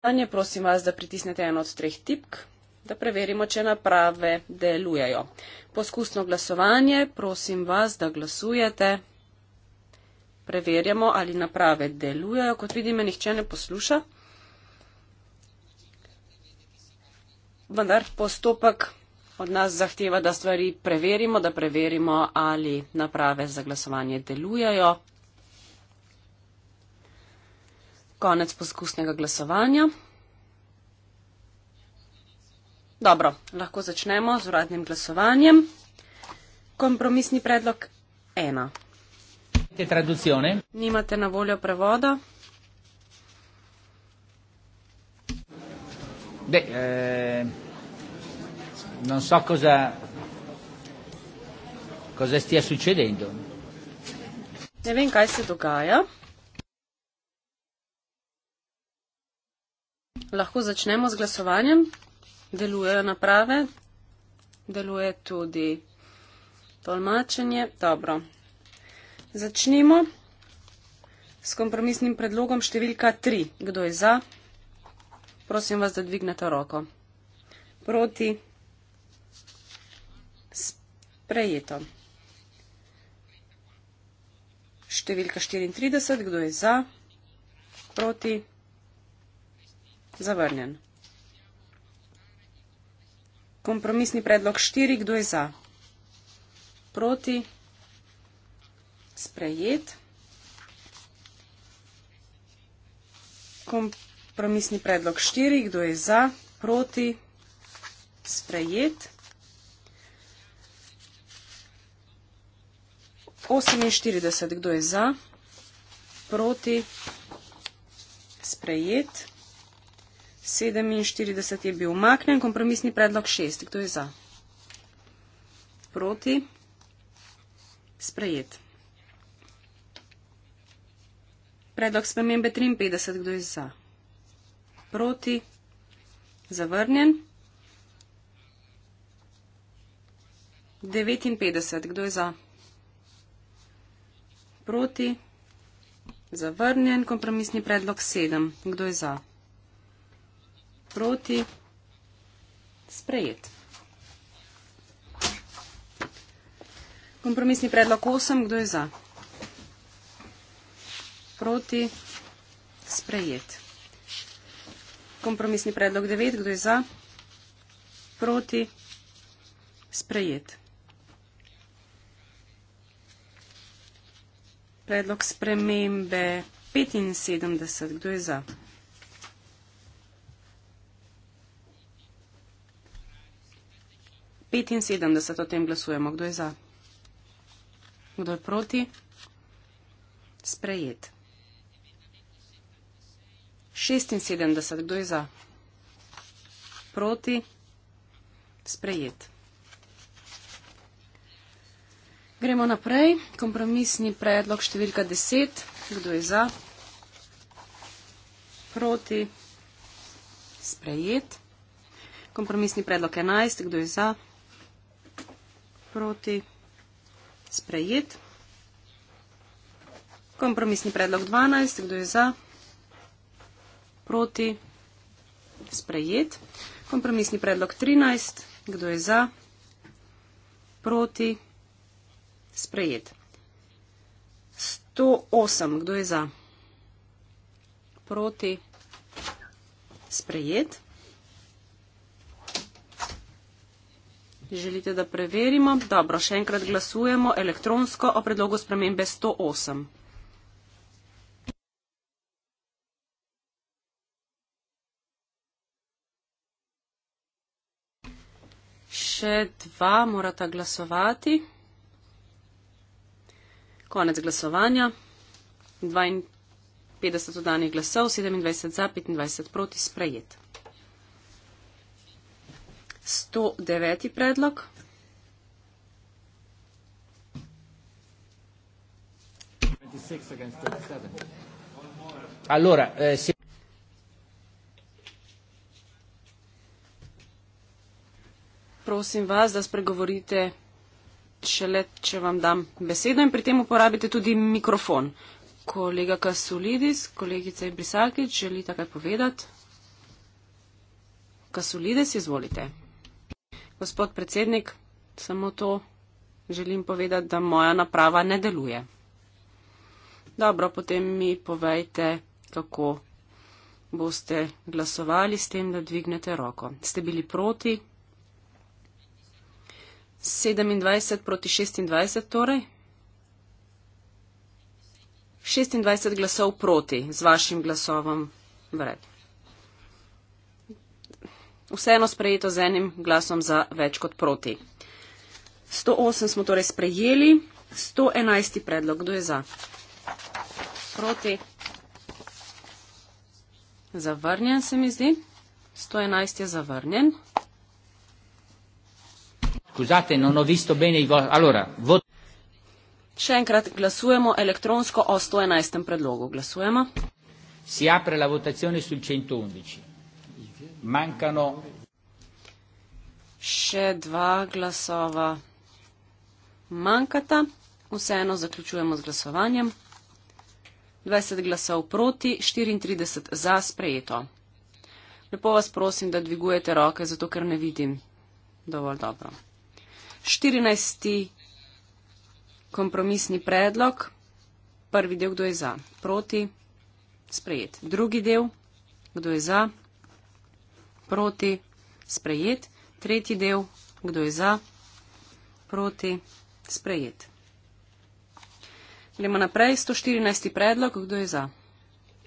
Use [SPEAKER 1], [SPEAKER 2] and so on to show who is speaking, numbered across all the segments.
[SPEAKER 1] vprašanje, prosim vas, da pritisnete eno od treh tipk, da preverimo, če naprave delujejo. Poskusno glasovanje, prosim vas, da glasujete. Preverjamo, ali naprave delujejo. Kot vidim, me nihče ne posluša. Vendar postopek od nas zahteva, da stvari preverimo, da preverimo, ali naprave za glasovanje delujejo. Konec poskusnega glasovanja. Dobro, lahko začnemo z uradnim glasovanjem. Kompromisni predlog ena.
[SPEAKER 2] Traducione.
[SPEAKER 1] Nimate na voljo prevoda.
[SPEAKER 2] Beh, eh, non so cosa, cosa stia succedendo.
[SPEAKER 1] Ne vem, kaj se dogaja. lahko začnemo z glasovanjem. Delujejo naprave, deluje tudi tolmačenje. Dobro. Začnimo s kompromisnim predlogom številka 3. Kdo je za? Prosim vas, da dvignete roko. Proti. Sprejeto. Številka 34. Kdo je za? Proti. Zavrnjen. Kompromisni predlog 4. Kdo je za? Proti? Sprejet. Kompromisni predlog 4. Kdo je za? Proti? Sprejet. 48. Kdo je za? Proti? Sprejet. 47 je bil umaknjen, kompromisni predlog 6. Kdo je za? Proti? Sprejet. Predlog spremembe 53. Kdo je za? Proti? Zavrnjen. 59. Kdo je za? Proti? Zavrnjen. Kompromisni predlog 7. Kdo je za? proti, sprejet. Kompromisni predlog 8, kdo je za? Proti, sprejet. Kompromisni predlog 9, kdo je za? Proti, sprejet. Predlog spremembe 75, kdo je za? 75 o tem glasujemo. Kdo je za? Kdo je proti? Sprejet. 76. Kdo je za? Proti? Sprejet. Gremo naprej. Kompromisni predlog številka 10. Kdo je za? Proti? Sprejet. Kompromisni predlog 11. Kdo je za? Proti? proti sprejet. Kompromisni predlog 12. Kdo je za? Proti sprejet. Kompromisni predlog 13. Kdo je za? Proti sprejet. 108. Kdo je za? Proti sprejet. Želite, da preverimo? Dobro, še enkrat glasujemo elektronsko o predlogu spremembe 108. Še dva morata glasovati. Konec glasovanja. 52 oddanih glasov, 27 za, 25 proti, sprejet. 109. predlog.
[SPEAKER 2] Allora, eh, se...
[SPEAKER 1] Prosim vas, da spregovorite šele, če vam dam besedo in pri tem uporabite tudi mikrofon. Kolega Kasulidis, kolegica Ibrisakić, želi takaj povedati? Kasulidis, izvolite. Gospod predsednik, samo to želim povedati, da moja naprava ne deluje. Dobro, potem mi povejte, kako boste glasovali s tem, da dvignete roko. Ste bili proti? 27 proti 26 torej? 26 glasov proti z vašim glasovom vred vseeno sprejeto z enim glasom za več kot proti. 108 smo torej sprejeli, 111 predlog, kdo je za? Proti. Zavrnjen se mi zdi. 111 je zavrnjen.
[SPEAKER 2] Scusate, non ho visto bene i vostri. Allora, vot.
[SPEAKER 1] Še enkrat glasujemo elektronsko
[SPEAKER 2] o 111 predlogu. Glasujemo. Si apre la votazione sul 111
[SPEAKER 1] manjkano še dva glasova manjkata, vseeno zaključujemo z glasovanjem. 20 glasov proti, 34 za sprejeto. Lepo vas prosim, da dvigujete roke, zato ker ne vidim dovolj dobro. 14. kompromisni predlog. Prvi del, kdo je za? Proti. Sprejet. Drugi del, kdo je za? proti, sprejet. Tretji del, kdo je za, proti, sprejet. Gremo naprej, 114. predlog, kdo je za,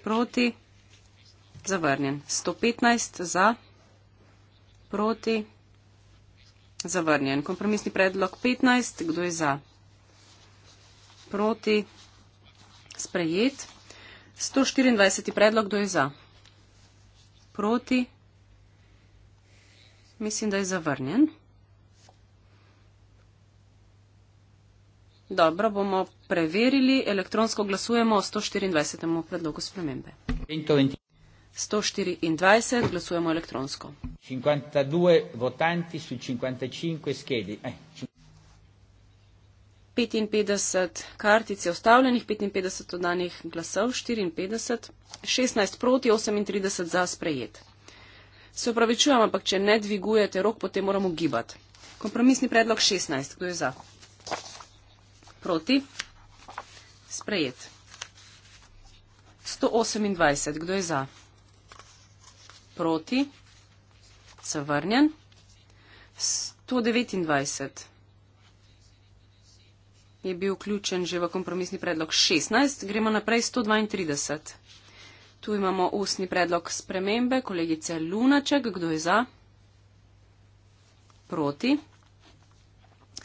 [SPEAKER 1] proti, zavrnjen. 115 za, proti, zavrnjen. Kompromisni predlog 15, kdo je za, proti, sprejet. 124. predlog, kdo je za, proti, sprejet. Mislim, da je zavrnjen. Dobro, bomo preverili. Elektronsko glasujemo o 124. predlogu spremembe. 124
[SPEAKER 2] glasujemo elektronsko. 52 votanti su 55 skedi. Eh.
[SPEAKER 1] 55 kartic je ostavljenih, 55 oddanih glasov, 54, 16 proti, 38 za sprejet. Se upravičujem, ampak če ne dvigujete rok, potem moramo gibati. Kompromisni predlog 16. Kdo je za? Proti? Sprejet. 128. Kdo je za? Proti? Zavrnjen. 129. Je bil vključen že v kompromisni predlog 16. Gremo naprej 132. Tu imamo ustni predlog spremembe kolegice Lunaček. Kdo je za? Proti.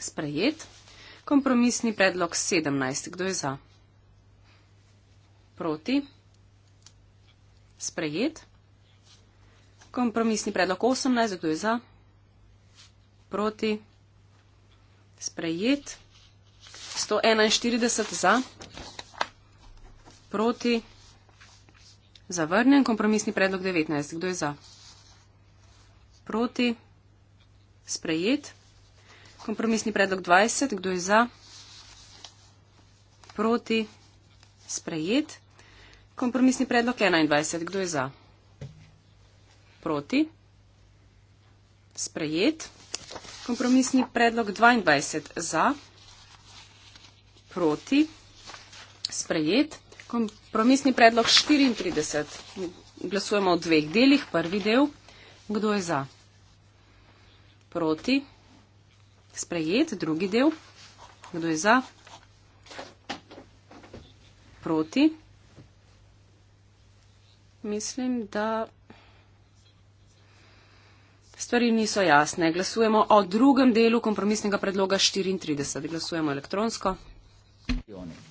[SPEAKER 1] Sprejet. Kompromisni predlog 17. Kdo je za? Proti. Sprejet. Kompromisni predlog 18. Kdo je za? Proti. Sprejet. 141 za. Proti. Zavrnjen kompromisni predlog 19. Kdo je za? Proti. Sprejet. Kompromisni predlog 20. Kdo je za? Proti. Sprejet. Kompromisni predlog 21. Kdo je za? Proti. Sprejet. Kompromisni predlog 22. Za. Proti. Sprejet. Kompromisni predlog 34. Glasujemo o dveh delih. Prvi del. Kdo je za? Proti. Sprejet. Drugi del. Kdo je za? Proti. Mislim, da stvari niso jasne. Glasujemo o drugem delu kompromisnega predloga 34. Glasujemo elektronsko. Jone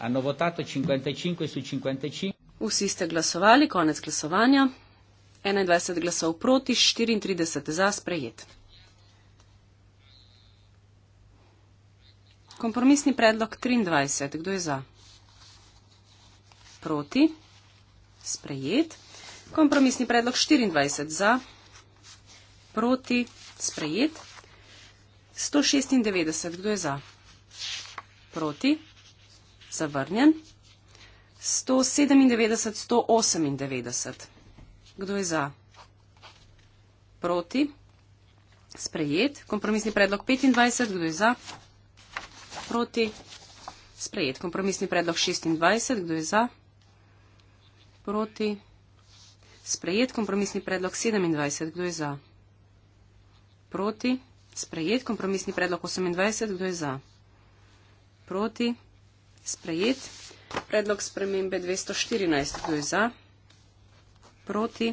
[SPEAKER 1] hanno votato 55 su 55. Vsi ste glasovali, konec glasovanja. 21 glasov proti, 34 za sprejet. Kompromisni predlog 23. Kdo je za? Proti. Sprejet. Kompromisni predlog 24. Za. Proti. Sprejet. 196. Kdo je za? Proti zavrnjen. 197, 198. Kdo je za? Proti. Sprejet. Kompromisni predlog 25. Kdo je za? Proti. Sprejet. Kompromisni predlog 26. Kdo je za? Proti. Sprejet. Kompromisni predlog 27. Kdo je za? Proti. Sprejet. Kompromisni predlog 28. Kdo je za? Proti sprejet. Predlog spremembe 214, kdo je za, proti,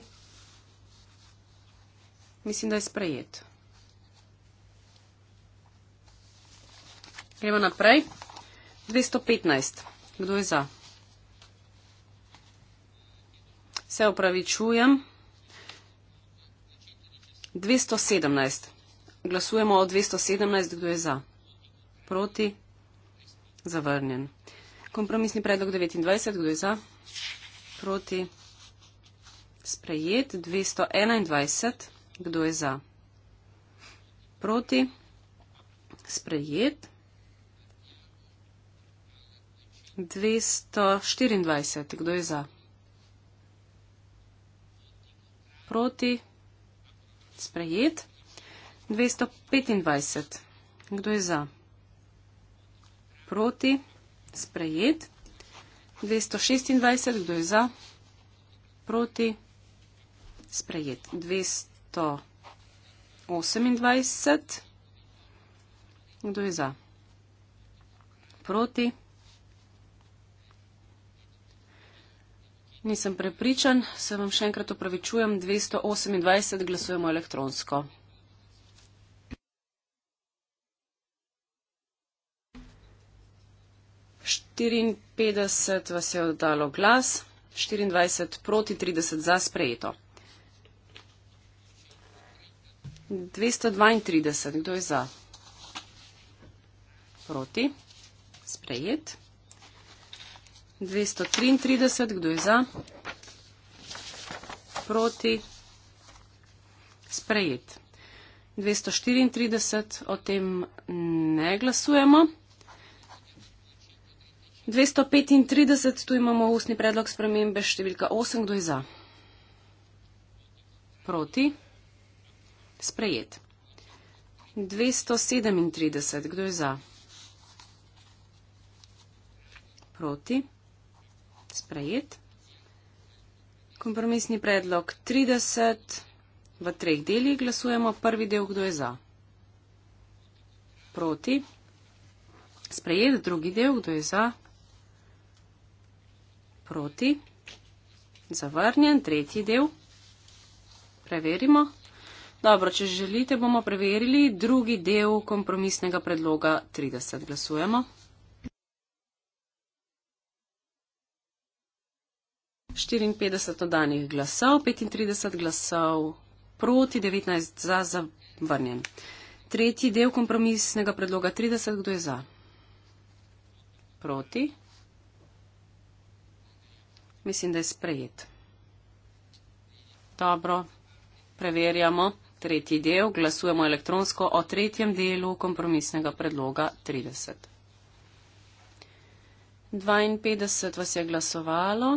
[SPEAKER 1] mislim, da je sprejet. Gremo naprej. 215, kdo je za? Se upravičujem. 217. Glasujemo o 217, kdo je za? Proti? Zavrnjen. Kompromisni predlog 29, kdo je za? Proti. Sprejet. 221, kdo je za? Proti. Sprejet. 224, kdo je za? Proti. Sprejet. 225, kdo je za? Proti sprejet. 226, kdo je za, proti, sprejet. 228, kdo je za, proti. Nisem prepričan, se vam še enkrat opravičujem, 228 glasujemo elektronsko. 54 vas je oddalo glas, 24 proti 30 za sprejeto. 232, kdo je za? Proti, sprejet. 233, kdo je za? Proti, sprejet. 234, o tem ne glasujemo. 235, tu imamo ustni predlog spremembe številka 8, kdo je za? Proti? Sprejet. 237, kdo je za? Proti? Sprejet. Kompromisni predlog 30 v treh delih glasujemo. Prvi del, kdo je za? Proti. Sprejet drugi del, kdo je za? proti, zavrnjen, tretji del. Preverimo. Dobro, če želite, bomo preverili drugi del kompromisnega predloga 30. Glasujemo. 54 oddanih glasov, 35 glasov proti, 19 za zavrnjen. Tretji del kompromisnega predloga 30. Kdo je za? Proti. Mislim, da je sprejet. Dobro, preverjamo tretji del, glasujemo elektronsko o tretjem delu kompromisnega predloga 30. 52 vas je glasovalo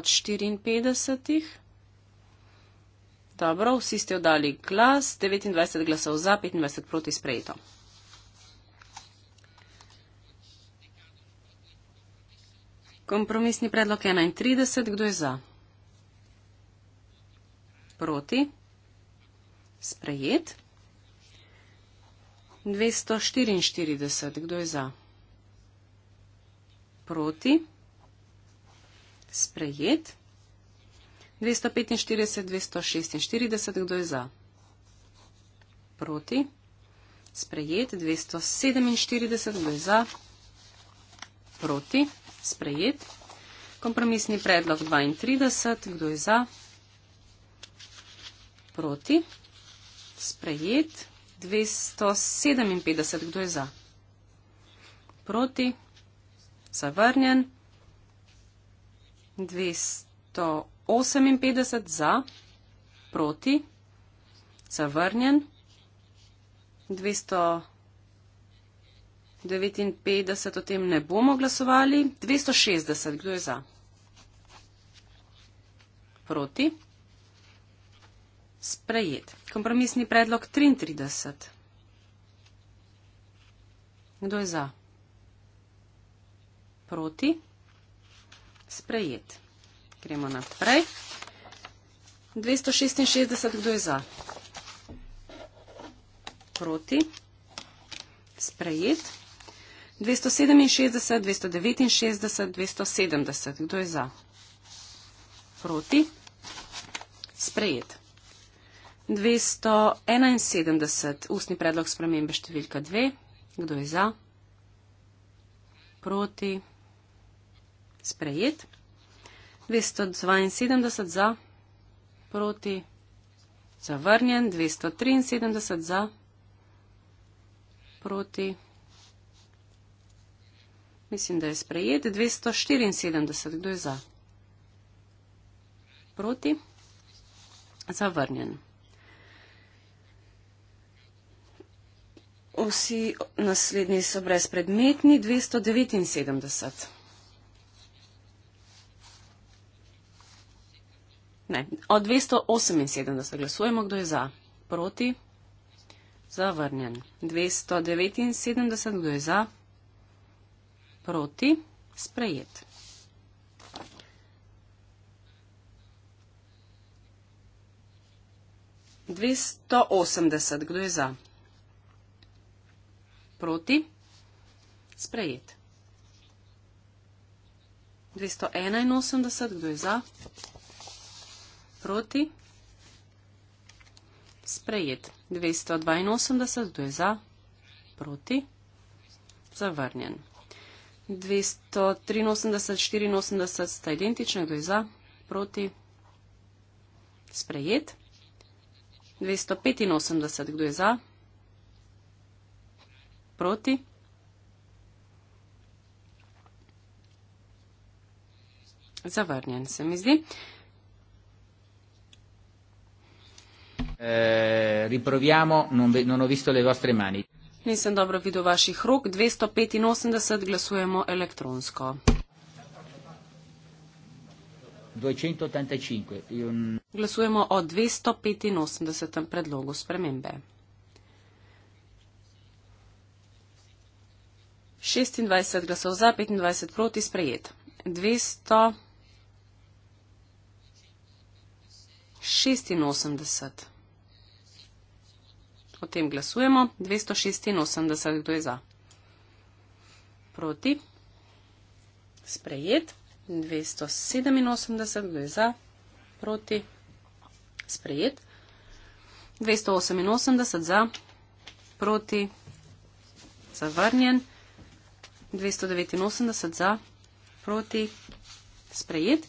[SPEAKER 1] od 54. Dobro, vsi ste oddali glas, 29 glasov za, 25 proti sprejeto. Kompromisni predlog 31. Kdo je za? Proti. Sprejet. 244. Kdo je za? Proti. Sprejet. 245, 246, kdo je za? Proti. Sprejet. 247, kdo je za? Proti sprejet. Kompromisni predlog 32. Kdo je za? Proti. Sprejet. 257. Kdo je za? Proti. Zavrnjen. 258. Za. Proti. Zavrnjen. 200. 59 o tem ne bomo glasovali. 260, kdo je za? Proti. Sprejet. Kompromisni predlog 33. Kdo je za? Proti. Sprejet. Gremo naprej. 266, kdo je za? Proti. Sprejet. 267, 269, 270. Kdo je za? Proti? Sprejet. 271, ustni predlog spremembe številka 2. Kdo je za? Proti? Sprejet. 272 za, proti, zavrnjen, 273 za, proti. Mislim, da je sprejet. 274. Kdo je za? Proti? Zavrnjen. Vsi naslednji so brezpredmetni. 279. Ne, od 278 glasujemo, kdo je za. Proti? Zavrnjen. 279. Kdo je za? proti, sprejet. Dvesto osemdeset, kdo je za? Proti, sprejet. Dvesto enainosemdeset, kdo je za? Proti, sprejet. Dvesto dvainosemdeset, kdo je za? Proti, zavrnjen. 283, 84 sta identična, kdo je za, proti, sprejet. 285, kdo je za, proti. Zavrnjen se mi zdi.
[SPEAKER 2] Eh, riproviamo, non, ve, non ho visto le vostre mani.
[SPEAKER 1] Nisem dobro videl vaših rok. 285 glasujemo elektronsko.
[SPEAKER 2] 285. In...
[SPEAKER 1] Glasujemo o 285. predlogu spremembe. 26 glasov za, 25 proti sprejet. 200. 86. O tem glasujemo. 286, kdo je za? Proti. Sprejet. 287, kdo je za? Proti. Sprejet. 288 za, proti, zavrnjen, 289 za, proti, sprejet,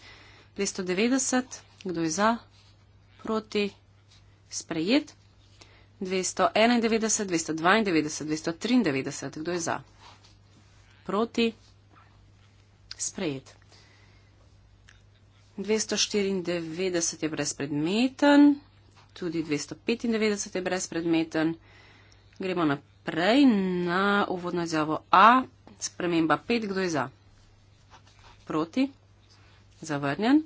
[SPEAKER 1] 290, kdo je za, proti, sprejet, 291, 292, 293. Kdo je za? Proti? Sprejet. 294 je brezpredmeten, tudi 295 je brezpredmeten. Gremo naprej na uvodno izjavo A, sprememba 5, kdo je za? Proti? Zavrnjen.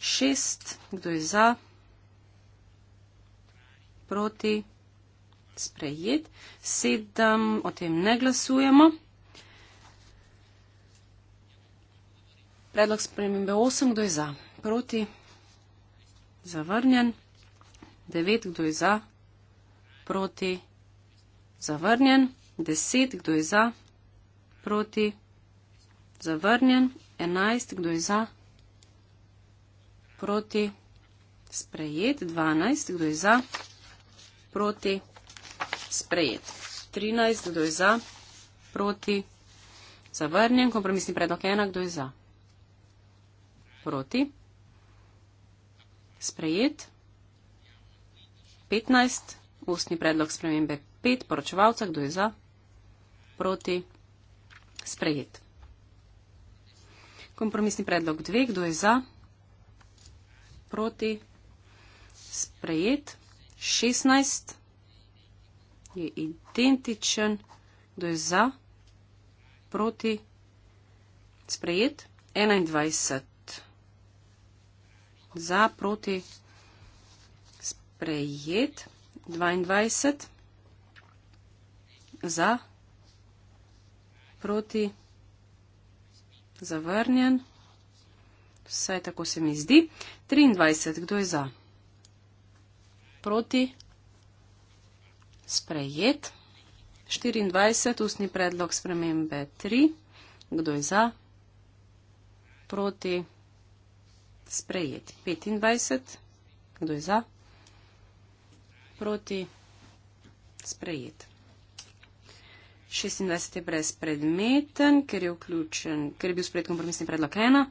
[SPEAKER 1] 6, kdo je za? proti sprejet. Sedem o tem ne glasujemo. Predlog spremembe 8, kdo je za? Proti? Zavrnjen. 9, kdo je za? Proti? Zavrnjen. 10, kdo je za? Proti? Zavrnjen. 11, kdo je za? Proti? Sprejet. 12, kdo je za? Proti? proti, sprejet. 13, kdo je za, proti, zavrnjen, kompromisni predlog 1, kdo je za, proti, sprejet. 15, ustni predlog spremembe 5, poročevalca, kdo je za, proti, sprejet. Kompromisni predlog 2, kdo je za, proti, sprejet. 16 je identičen, kdo je za, proti, sprejet, 21 za, proti, sprejet, 22 za, proti, zavrnjen, vsaj tako se mi zdi, 23, kdo je za proti, sprejet. 24, ustni predlog spremembe 3, kdo je za, proti, sprejet. 25, kdo je za, proti, sprejet. 26 je brezpredmeten, ker je, vključen, ker je bil sprejet kompromisni predlog 1.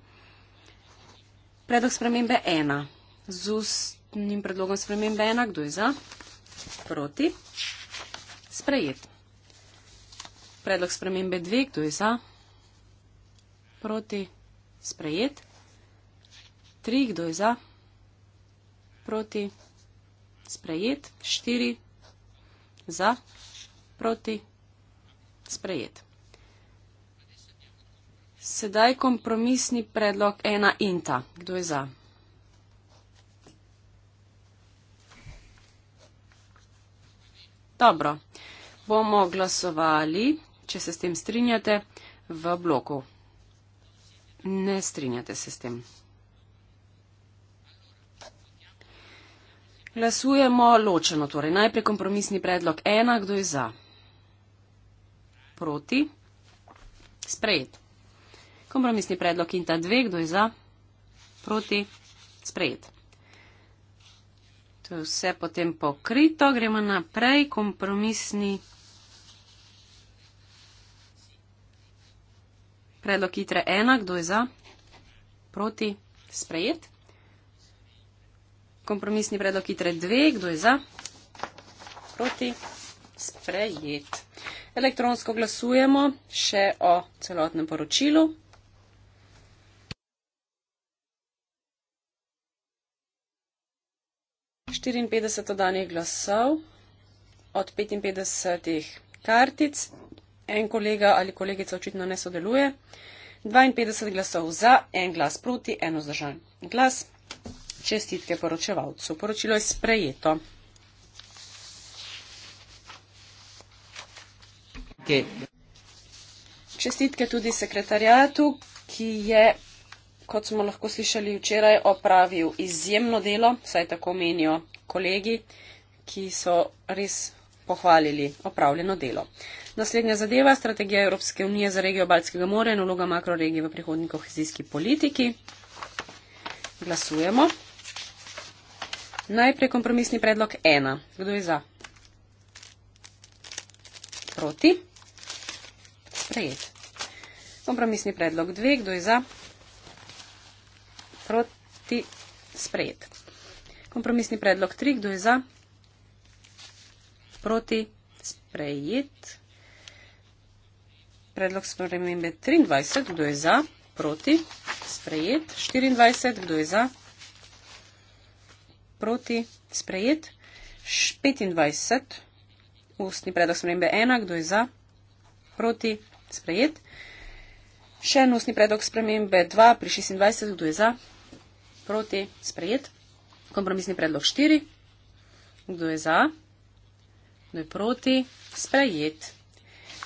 [SPEAKER 1] Predlog spremembe 1. Z ust skupnim predlogom spremembe ena, kdo je za, proti, sprejet. Predlog spremembe dve, kdo je za, proti, sprejet. Tri, kdo je za, proti, sprejet. Štiri, za, proti, sprejet. Sedaj kompromisni predlog ena in ta, kdo je za. Dobro, bomo glasovali, če se s tem strinjate, v bloku. Ne strinjate se s tem. Glasujemo ločeno, torej najprej kompromisni predlog ena, kdo je za. Proti. Sprejet. Kompromisni predlog in ta dve, kdo je za. Proti. Sprejet. To je vse potem pokrito, gremo naprej, kompromisni predlog hitre ena, kdo je za, proti, sprejet. Kompromisni predlog hitre dve, kdo je za, proti, sprejet. Elektronsko glasujemo še o celotnem poročilu. 54 oddanih glasov od 55 kartic. En kolega ali kolegica očitno ne sodeluje. 52 glasov za, en glas proti, en vzdržan glas. Čestitke poročevalcu. Poročilo je sprejeto. Čestitke tudi sekretarjatu, ki je, kot smo lahko slišali včeraj, opravil izjemno delo, saj tako menijo kolegi, ki so res pohvalili opravljeno delo. Naslednja zadeva, strategija Evropske unije za regijo Baltskega morja in vloga makroregije v prihodnji kohezijski politiki. Glasujemo. Najprej kompromisni predlog 1. Kdo je za? Proti. Sprejet. Kompromisni predlog 2. Kdo je za? Proti. Sprejet kompromisni predlog 3. Kdo je za? Proti? Sprejet. Predlog spremembe 23. Kdo je za? Proti? Sprejet. 24. Kdo je za? Proti? Sprejet. 25. Ustni predlog spremembe 1. Kdo je za? Proti? Sprejet. Še en ustni predlog spremembe 2 pri 26. Kdo je za? Proti? Sprejet kompromisni predlog 4. Kdo je za? Kdo je proti? Sprejet.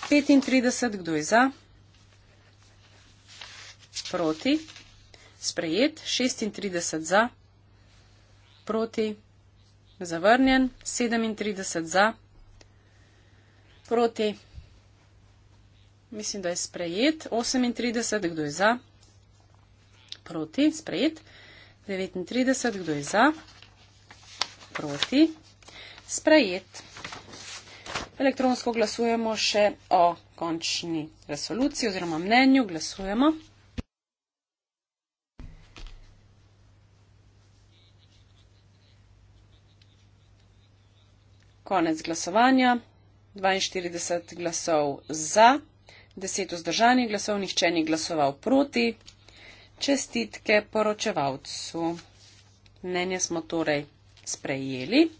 [SPEAKER 1] 35. Kdo je za? Proti. Sprejet. 36. Za. Proti. Zavrnjen. 37. Za. Proti. Mislim, da je sprejet. 38. Kdo je za? Proti. Sprejet. 39, kdo je za? Proti. Sprejet. Elektronsko glasujemo še o končni resoluciji oziroma mnenju. Glasujemo. Konec glasovanja. 42 glasov za, 10 vzdržanih glasov, nihče ni glasoval proti čestitke poročevalcu. Mnenje smo torej sprejeli.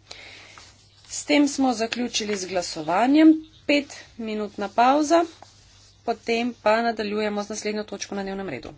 [SPEAKER 1] S tem smo zaključili z glasovanjem. Pet minutna pauza, potem pa nadaljujemo z naslednjo točko na dnevnem redu.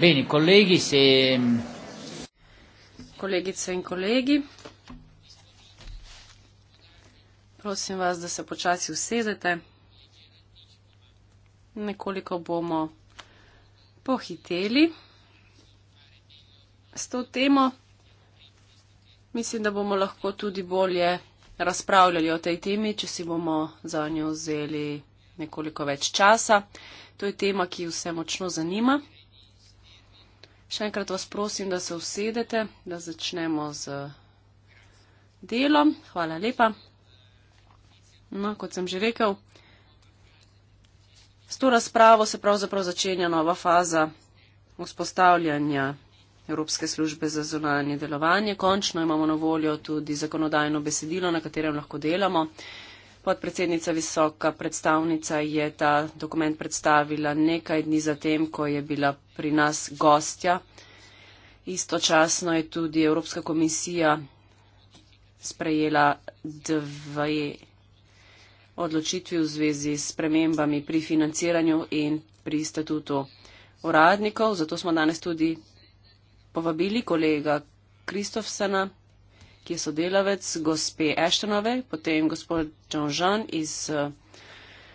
[SPEAKER 2] Bene, colleghi, se...
[SPEAKER 1] Kolegice in kolegi, prosim vas, da se počasi usedete. Nekoliko bomo pohiteli s to temo. Mislim, da bomo lahko tudi bolje razpravljali o tej temi, če si bomo za njo vzeli nekoliko več časa. To je tema, ki vse močno zanima. Še enkrat vas prosim, da se usedete, da začnemo z delom. Hvala lepa. No, kot sem že rekel, s to razpravo se pravzaprav začenja nova faza vzpostavljanja Evropske službe za zunanje delovanje. Končno imamo na voljo tudi zakonodajno besedilo, na katerem lahko delamo. Podpredsednica visoka predstavnica je ta dokument predstavila nekaj dni zatem, ko je bila pri nas gostja. Istočasno je tudi Evropska komisija sprejela dve odločitvi v zvezi s premembami pri financiranju in pri statutu uradnikov. Zato smo danes tudi povabili kolega Kristofsena ki je sodelavec gospe Eštonove, potem gospod John Jean iz eh,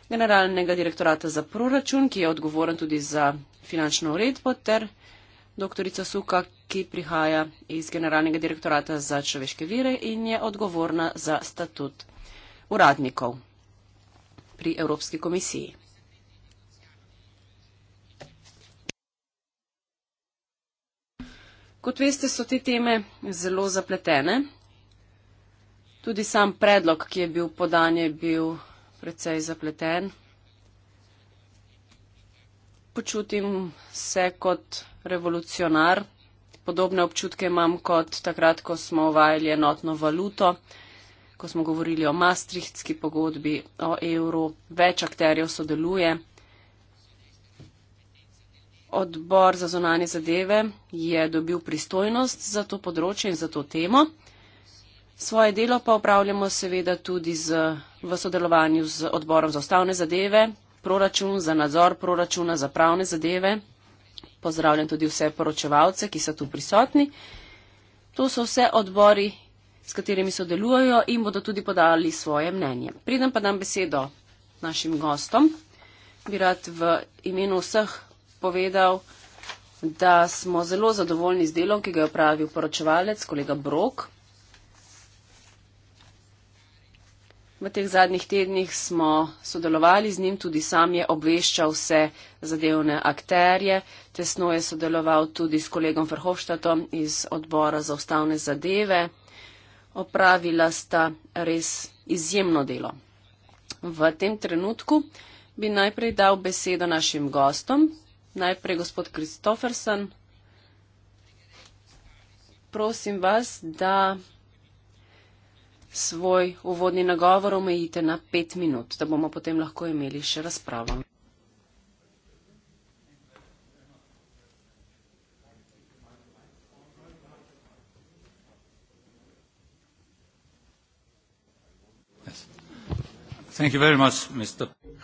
[SPEAKER 1] Generalnega direktorata za proračun, ki je odgovoren tudi za finančno uredbo, ter doktorica Suka, ki prihaja iz Generalnega direktorata za človeške vire in je odgovorna za statut uradnikov pri Evropski komisiji. Kot veste, so te teme zelo zapletene. Tudi sam predlog, ki je bil podan, je bil precej zapleten. Počutim se kot revolucionar. Podobne občutke imam kot takrat, ko smo uvajali enotno valuto, ko smo govorili o Maastrichtski pogodbi, o evru. Več akterjev sodeluje odbor za zonanje zadeve je dobil pristojnost za to področje in za to temo. Svoje delo pa upravljamo seveda tudi z, v sodelovanju z odborom za ustavne zadeve, proračun za nadzor proračuna za pravne zadeve. Pozdravljam tudi vse poročevalce, ki so tu prisotni. To so vse odbori, s katerimi sodelujo in bodo tudi podali svoje mnenje. Pridem pa dam besedo našim gostom. Bi rad v imenu vseh povedal, da smo zelo zadovoljni z delom, ki ga je upravil poročevalec, kolega Brok. V teh zadnjih tednih smo sodelovali z njim, tudi sam je obveščal vse zadevne akterje. Tesno je sodeloval tudi s kolegom Verhofštatom iz odbora za ustavne zadeve. Opravila sta res izjemno delo. V tem trenutku bi najprej dal besedo našim gostom, Najprej gospod Kristofersen. Prosim vas, da svoj uvodni nagovor omejite na pet minut, da bomo potem lahko imeli še razpravo.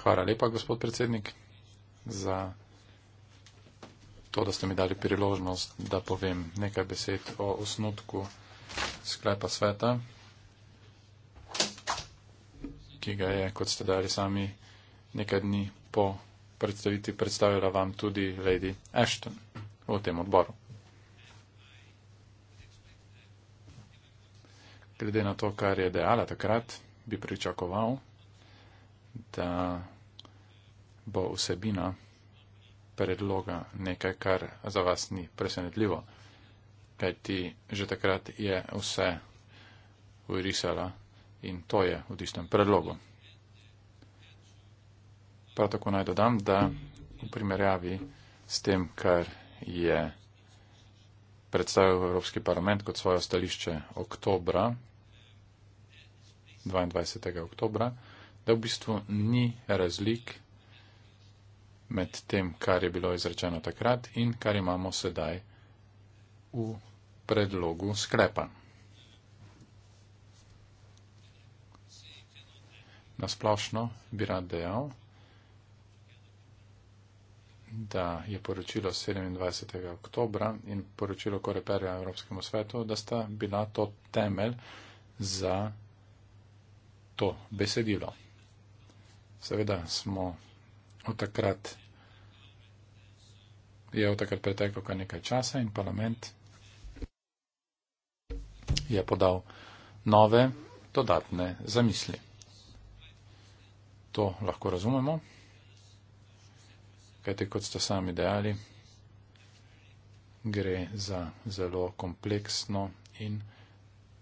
[SPEAKER 3] Hvala lepa, gospod predsednik, za to, da ste mi dali priložnost, da povem nekaj besed o osnutku sklepa sveta, ki ga je, kot ste dali sami, nekaj dni po predstaviti predstavila vam tudi Lady Ashton v tem odboru. Glede na to, kar je dejala takrat, bi pričakoval, da bo vsebina predloga, nekaj, kar za vas ni presenetljivo, kajti že takrat je vse urisala in to je v tistem predlogu. Prav tako naj dodam, da v primerjavi s tem, kar je predstavil Evropski parlament kot svojo stališče oktobra, 22. oktobra, da v bistvu ni razlik med tem, kar je bilo izrečeno takrat in kar imamo sedaj v predlogu sklepa. Nasplošno bi rad dejal, da je poročilo 27. oktobra in poročilo Koreperja Evropskemu svetu, da sta bila to temelj za to besedilo. Seveda smo od takrat, je od takrat preteklo kar nekaj časa in parlament je podal nove dodatne zamisli. To lahko razumemo, kajte kot ste sami dejali, gre za zelo kompleksno in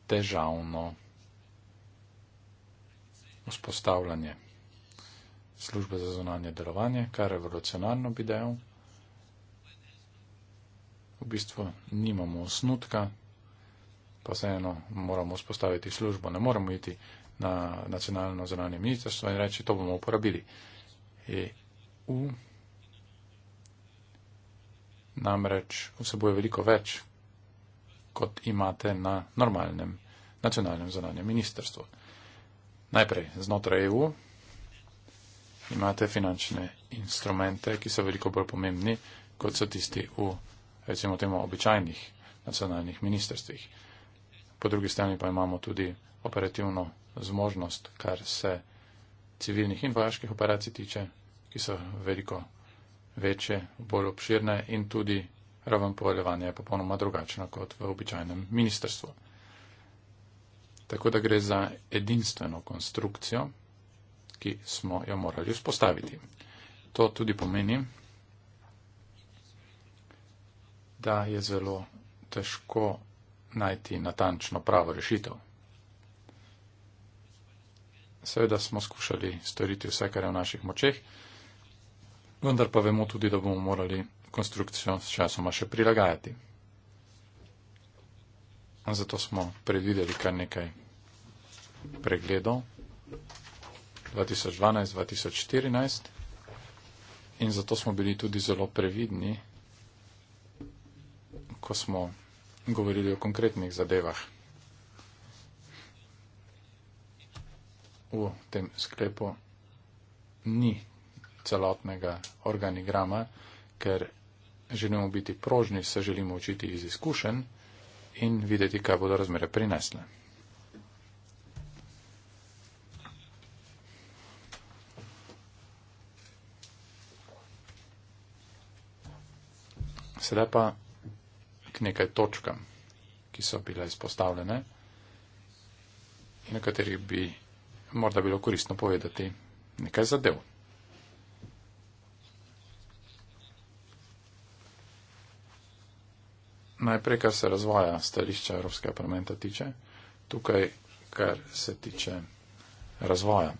[SPEAKER 3] težavno vzpostavljanje službe za zunanje delovanje, kar revolucionarno bi dejal. V bistvu nimamo osnutka, pa vseeno moramo vzpostaviti službo. Ne moremo iti na nacionalno zunanje ministrstvo in reči, to bomo uporabili. EU namreč vsebuje veliko več, kot imate na normalnem nacionalnem zunanjem ministrstvu. Najprej znotraj EU imate finančne instrumente, ki so veliko bolj pomembni, kot so tisti v, recimo temu, običajnih nacionalnih ministrstvih. Po drugi strani pa imamo tudi operativno zmožnost, kar se civilnih in vojaških operacij tiče, ki so veliko večje, bolj obširne in tudi raven povoljevanja je popolnoma drugačna kot v običajnem ministrstvu. Tako da gre za edinstveno konstrukcijo, ki smo jo morali vzpostaviti. To tudi pomeni, da je zelo težko najti natančno pravo rešitev. Seveda smo skušali storiti vse, kar je v naših močeh, vendar pa vemo tudi, da bomo morali konstrukcijo s časoma še prilagajati. Zato smo predvideli kar nekaj pregledov. 2012-2014 in zato smo bili tudi zelo previdni, ko smo govorili o konkretnih zadevah. V tem sklepu ni celotnega organigrama, ker želimo biti prožni, se želimo učiti iz izkušenj in videti, kaj bodo razmere prinesle. Sedaj pa k nekaj točkam, ki so bile izpostavljene in na katerih bi morda bilo koristno povedati nekaj zadev. Najprej, kar se razvoja stališča Evropskega parlamenta tiče, tukaj, kar se tiče razvoja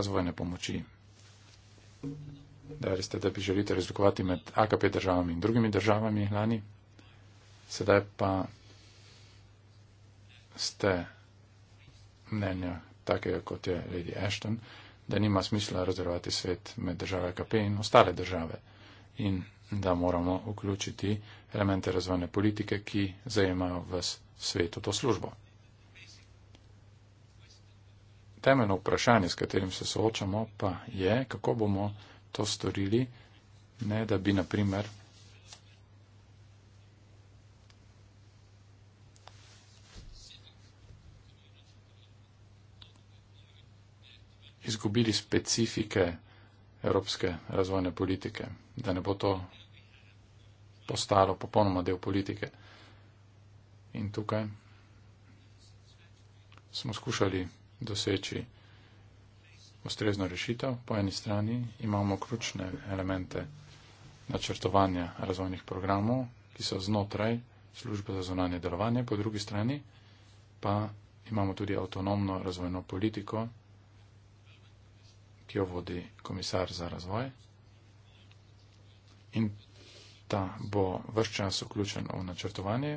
[SPEAKER 3] razvojne pomoči. Dali ste, da bi želite razlikovati med AKP državami in drugimi državami lani. Sedaj pa ste mnenja takega, kot je Lady Ashton, da nima smisla razdelovati svet med države AKP in ostale države in da moramo vključiti elemente razvojne politike, ki zajemajo v svetu to službo. Temeljno vprašanje, s katerim se soočamo, pa je, kako bomo to storili, ne da bi, naprimer, izgubili specifike evropske razvojne politike, da ne bo to postalo popolnoma del politike. In tukaj smo skušali doseči ustrezno rešitev. Po eni strani imamo ključne elemente načrtovanja razvojnih programov, ki so znotraj službe za zonanje delovanje, po drugi strani pa imamo tudi avtonomno razvojno politiko, ki jo vodi komisar za razvoj. In ta bo vrščas vključen v načrtovanje,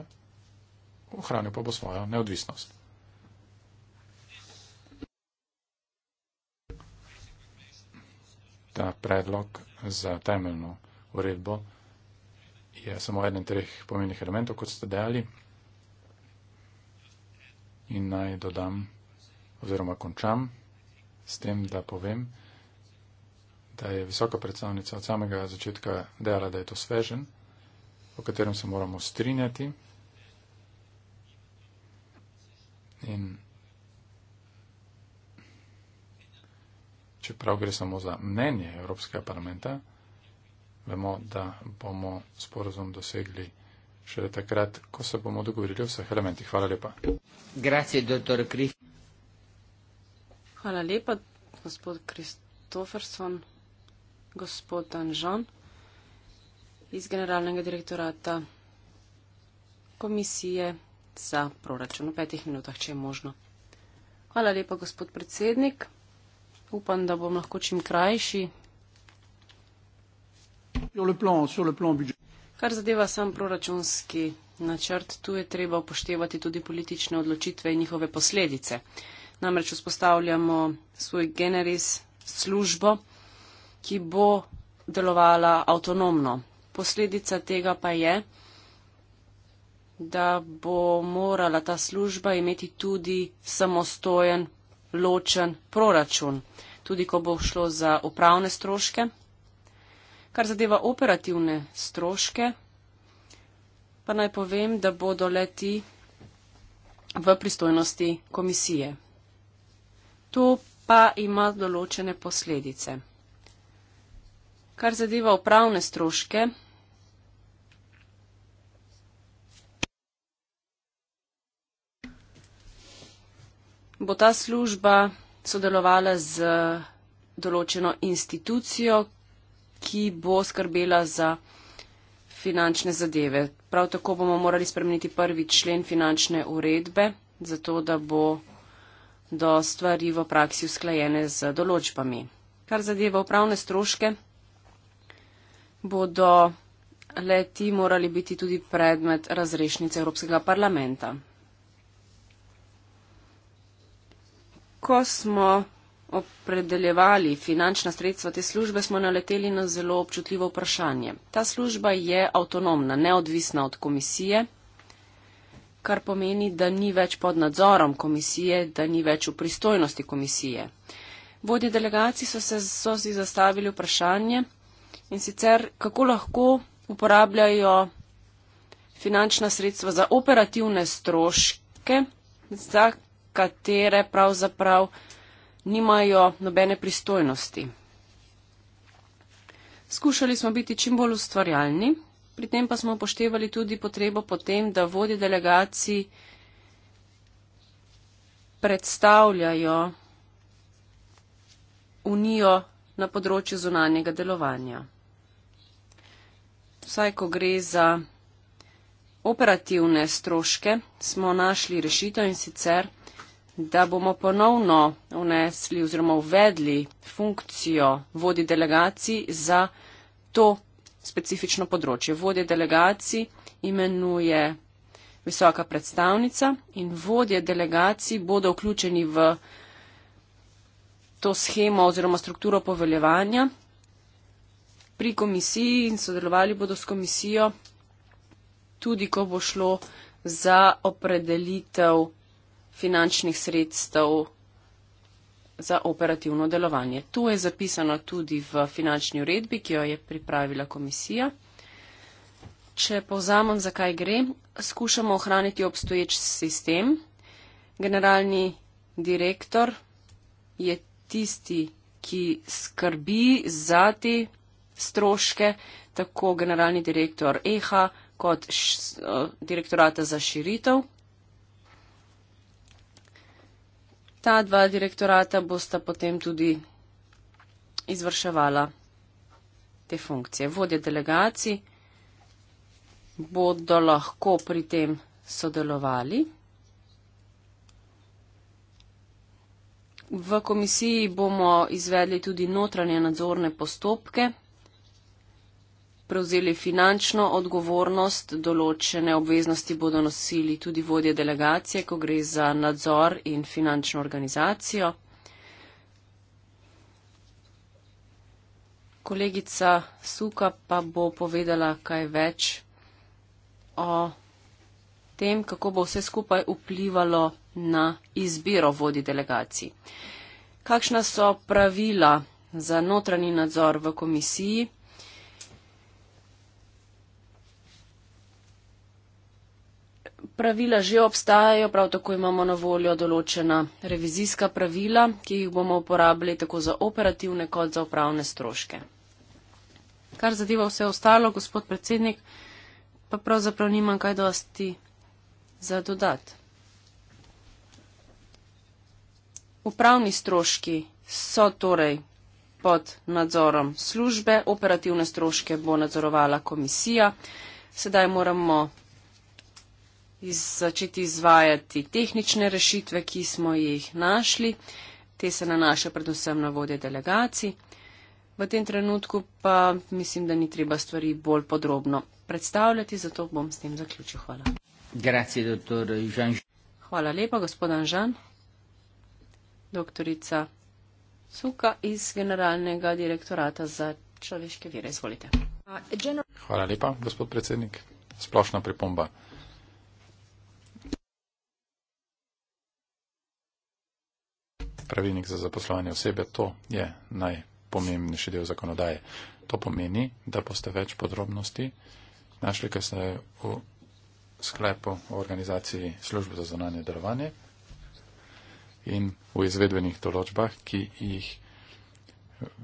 [SPEAKER 3] ohranil pa bo svojo neodvisnost. ta predlog za temeljno uredbo je samo eden treh pomembnih elementov, kot ste dejali. In naj dodam oziroma končam s tem, da povem, da je visoka predstavnica od samega začetka dejala, da je to svežen, o katerem se moramo strinjati. In čeprav gre samo za mnenje Evropskega parlamenta, vemo, da bomo sporozum dosegli šele takrat, ko se bomo dogovorili o vseh elementih. Hvala lepa. Grazie, dottor Krih.
[SPEAKER 1] Hvala lepa, gospod Kristoferson, gospod Anžon iz generalnega direktorata komisije za proračun v petih minutah, če je možno. Hvala lepa, gospod predsednik. Upam, da bom lahko čim krajši. Kar zadeva sam proračunski načrt, tu je treba upoštevati tudi politične odločitve in njihove posledice. Namreč vzpostavljamo svoj generis službo, ki bo delovala avtonomno. Posledica tega pa je, da bo morala ta služba imeti tudi samostojen ločen proračun, tudi ko bo šlo za upravne stroške. Kar zadeva operativne stroške, pa naj povem, da bodo leti v pristojnosti komisije. To pa ima določene posledice. Kar zadeva upravne stroške, bo ta služba sodelovala z določeno institucijo, ki bo skrbela za finančne zadeve. Prav tako bomo morali spremeniti prvi člen finančne uredbe, zato da bo do stvari v praksi usklajene z določbami. Kar zadeva upravne stroške, bodo le ti morali biti tudi predmet razrešnice Evropskega parlamenta. ko smo opredeljevali finančna sredstva te službe, smo naleteli na zelo občutljivo vprašanje. Ta služba je avtonomna, neodvisna od komisije, kar pomeni, da ni več pod nadzorom komisije, da ni več v pristojnosti komisije. Vodje delegacij so, se, so si zastavili vprašanje in sicer, kako lahko uporabljajo finančna sredstva za operativne stroške, za katere pravzaprav nimajo nobene pristojnosti. Skušali smo biti čim bolj ustvarjalni, pri tem pa smo upoštevali tudi potrebo potem, da vodi delegacij predstavljajo unijo na področju zunanjega delovanja. Vsaj, ko gre za operativne stroške, smo našli rešitev in sicer da bomo ponovno vnesli oziroma uvedli funkcijo vodi delegacij za to specifično področje. Vodje delegacij imenuje visoka predstavnica in vodje delegacij bodo vključeni v to schemo oziroma strukturo poveljevanja pri komisiji in sodelovali bodo s komisijo tudi, ko bo šlo za opredelitev finančnih sredstev za operativno delovanje. To je zapisano tudi v finančni uredbi, ki jo je pripravila komisija. Če povzamem, zakaj gre, skušamo ohraniti obstoječ sistem. Generalni direktor je tisti, ki skrbi za te stroške, tako generalni direktor EHA kot š, eh, direktorata za širitev Ta dva direktorata bosta potem tudi izvrševala te funkcije. Vodje delegacij bodo lahko pri tem sodelovali. V komisiji bomo izvedli tudi notranje nadzorne postopke prevzeli finančno odgovornost, določene obveznosti bodo nosili tudi vodje delegacije, ko gre za nadzor in finančno organizacijo. Kolegica Suka pa bo povedala kaj več o tem, kako bo vse skupaj vplivalo na izbiro vodi delegacij. Kakšna so pravila za notranji nadzor v komisiji? pravila že obstajajo, prav tako imamo na voljo določena revizijska pravila, ki jih bomo uporabili tako za operativne kot za upravne stroške. Kar zadeva vse ostalo, gospod predsednik, pa pravzaprav nimam kaj dosti za dodat. Upravni stroški so torej pod nadzorom službe, operativne stroške bo nadzorovala komisija. Sedaj moramo iz, začeti izvajati tehnične rešitve, ki smo jih našli. Te se nanaša predvsem na vode delegacij. V tem trenutku pa mislim, da ni treba stvari bolj podrobno predstavljati, zato bom s tem zaključil. Hvala.
[SPEAKER 2] Grazie,
[SPEAKER 1] Hvala lepa, gospod Anžan. Doktorica Suka iz Generalnega direktorata za človeške vire. Izvolite.
[SPEAKER 3] Hvala lepa, gospod predsednik. Splošna pripomba. pravilnik za zaposlovanje osebe, to je najpomembnejši del zakonodaje. To pomeni, da boste več podrobnosti našli, kar se je v sklepu o organizaciji službe za zonanje delovanje in v izvedbenih določbah, ki jih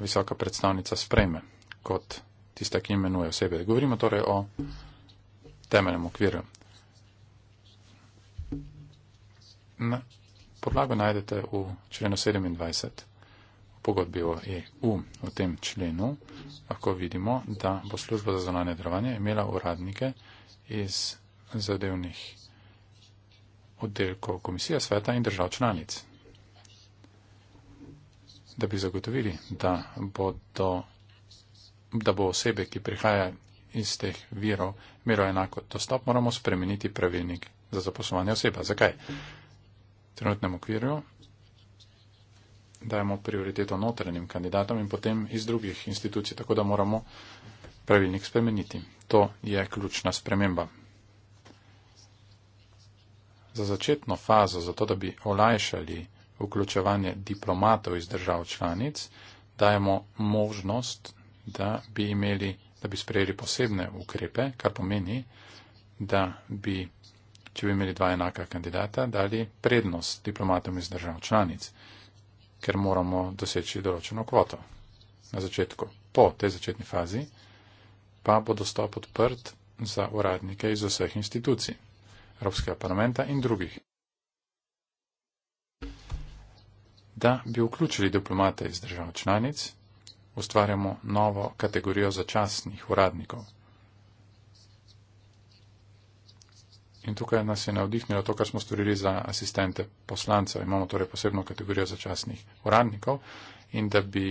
[SPEAKER 3] visoka predstavnica sprejme kot tista, ki imenuje osebe. Govorimo torej o temeljem okviru. Na, podlago najdete v členu 27, v pogodbi o EU. V tem členu lahko vidimo, da bo služba za zonanje delovanje imela uradnike iz zadevnih oddelkov Komisije sveta in držav članic. Da bi zagotovili, da, bodo, da bo osebe, ki prihaja iz teh virov, imelo enako dostop, moramo spremeniti pravilnik za zaposlovanje oseba. Zakaj? trenutnem okvirju, dajemo prioriteto notranjim kandidatom in potem iz drugih institucij, tako da moramo pravilnik spremeniti. To je ključna sprememba. Za začetno fazo, zato da bi olajšali vključevanje diplomatov iz držav članic, dajemo možnost, da bi, imeli, da bi sprejeli posebne ukrepe, kar pomeni, da bi če bi imeli dva enaka kandidata, dali prednost diplomatom iz držav članic, ker moramo doseči določeno kvoto na začetku. Po tej začetni fazi pa bo dostop odprt za uradnike iz vseh institucij, Evropskega parlamenta in drugih. Da bi vključili diplomate iz držav članic, ustvarjamo novo kategorijo začasnih uradnikov. In tukaj nas je navdihnilo to, kar smo storili za asistente poslancev. Imamo torej posebno kategorijo začasnih uradnikov in da bi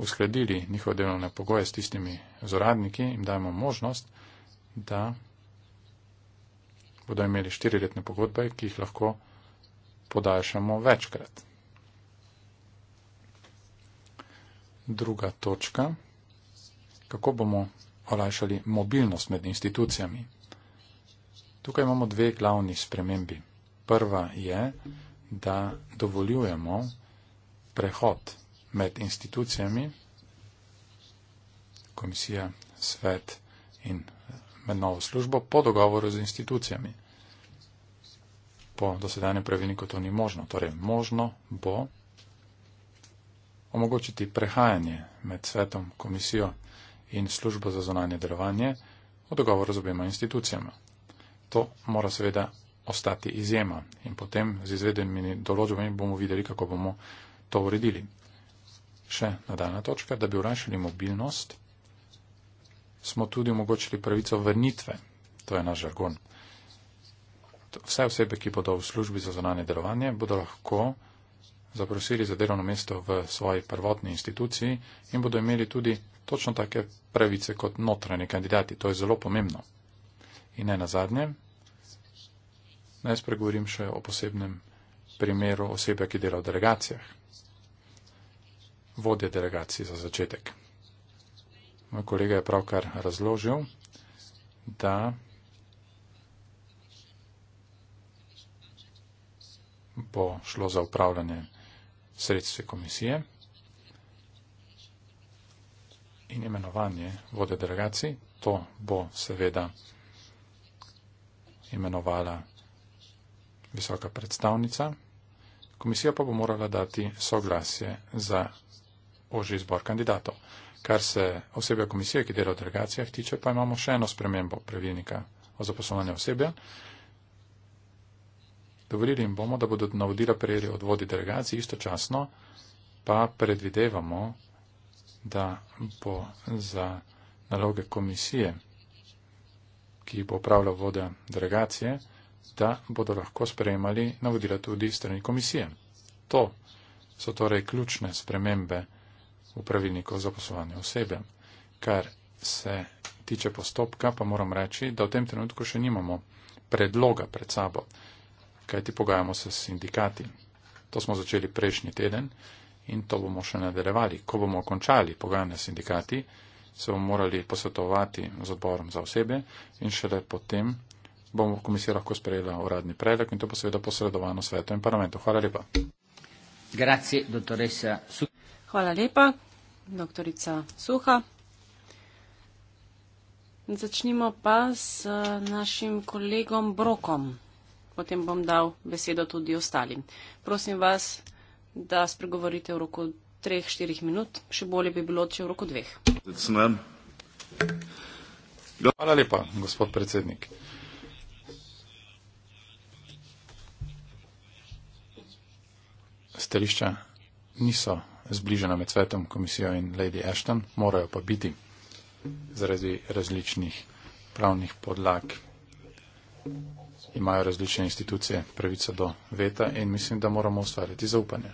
[SPEAKER 3] uskladili njihove delovne pogoje s tistimi z uradniki, jim dajemo možnost, da bodo imeli štiriletne pogodbe, ki jih lahko podaljšamo večkrat. Druga točka. Kako bomo olajšali mobilnost med institucijami? Tukaj imamo dve glavni spremembi. Prva je, da dovoljujemo prehod med institucijami, komisija, svet in med novo službo, po dogovoru z institucijami. Po dosedanjem pravilniku to ni možno. Torej, možno bo omogočiti prehajanje med svetom, komisijo in službo za zonanje delovanje v dogovoru z obema institucijama to mora seveda ostati izjema in potem z izvedenimi določbami bomo videli, kako bomo to uredili. Še nadaljna točka, da bi urašili mobilnost, smo tudi omogočili pravico vrnitve, to je naš žargon. Vse osebe, ki bodo v službi za zonanje delovanje, bodo lahko zaprosili za delovno mesto v svoji prvotni instituciji in bodo imeli tudi točno take pravice kot notranji kandidati. To je zelo pomembno. In ne na zadnje, naj spregovorim še o posebnem primeru osebe, ki dela v delegacijah. Vodje delegacij za začetek. Moj kolega je pravkar razložil, da bo šlo za upravljanje sredstve komisije in imenovanje vode delegacij. To bo seveda imenovala visoka predstavnica. Komisija pa bo morala dati soglasje za oži izbor kandidatov. Kar se osebe komisije, ki dela v delegacijah, tiče, pa imamo še eno spremembo pravilnika o zaposlovanju osebja. Dovolili jim bomo, da bodo navodila prejeli od vodi delegacij, istočasno pa predvidevamo, da bo za naloge komisije ki bo upravljal voda delegacije, da bodo lahko sprejemali navodila tudi strani komisije. To so torej ključne spremembe v pravilniku za poslovanje osebe. Kar se tiče postopka, pa moram reči, da v tem trenutku še nimamo predloga pred sabo, kajti pogajamo se s sindikati. To smo začeli prejšnji teden in to bomo še nadaljevali. Ko bomo končali pogajanje s sindikati, se bomo morali posvetovati z odborom za osebe in šele potem bomo komisija lahko sprejela uradni predlog in to bo seveda posredovano svetu in parlamentu. Hvala lepa. Grazie,
[SPEAKER 1] Hvala lepa, doktorica Suha. Začnimo pa z našim kolegom Brokom. Potem bom dal besedo tudi ostalim. Prosim vas, da spregovorite v roku treh, štirih minut, še bolje bi bilo, če v roku dveh.
[SPEAKER 3] Hvala lepa, gospod predsednik. Stališča niso zbližena med svetom komisijo in Lady Ashton, morajo pa biti zaradi različnih pravnih podlag. Imajo različne institucije pravico do veta in mislim, da moramo ustvariti zaupanje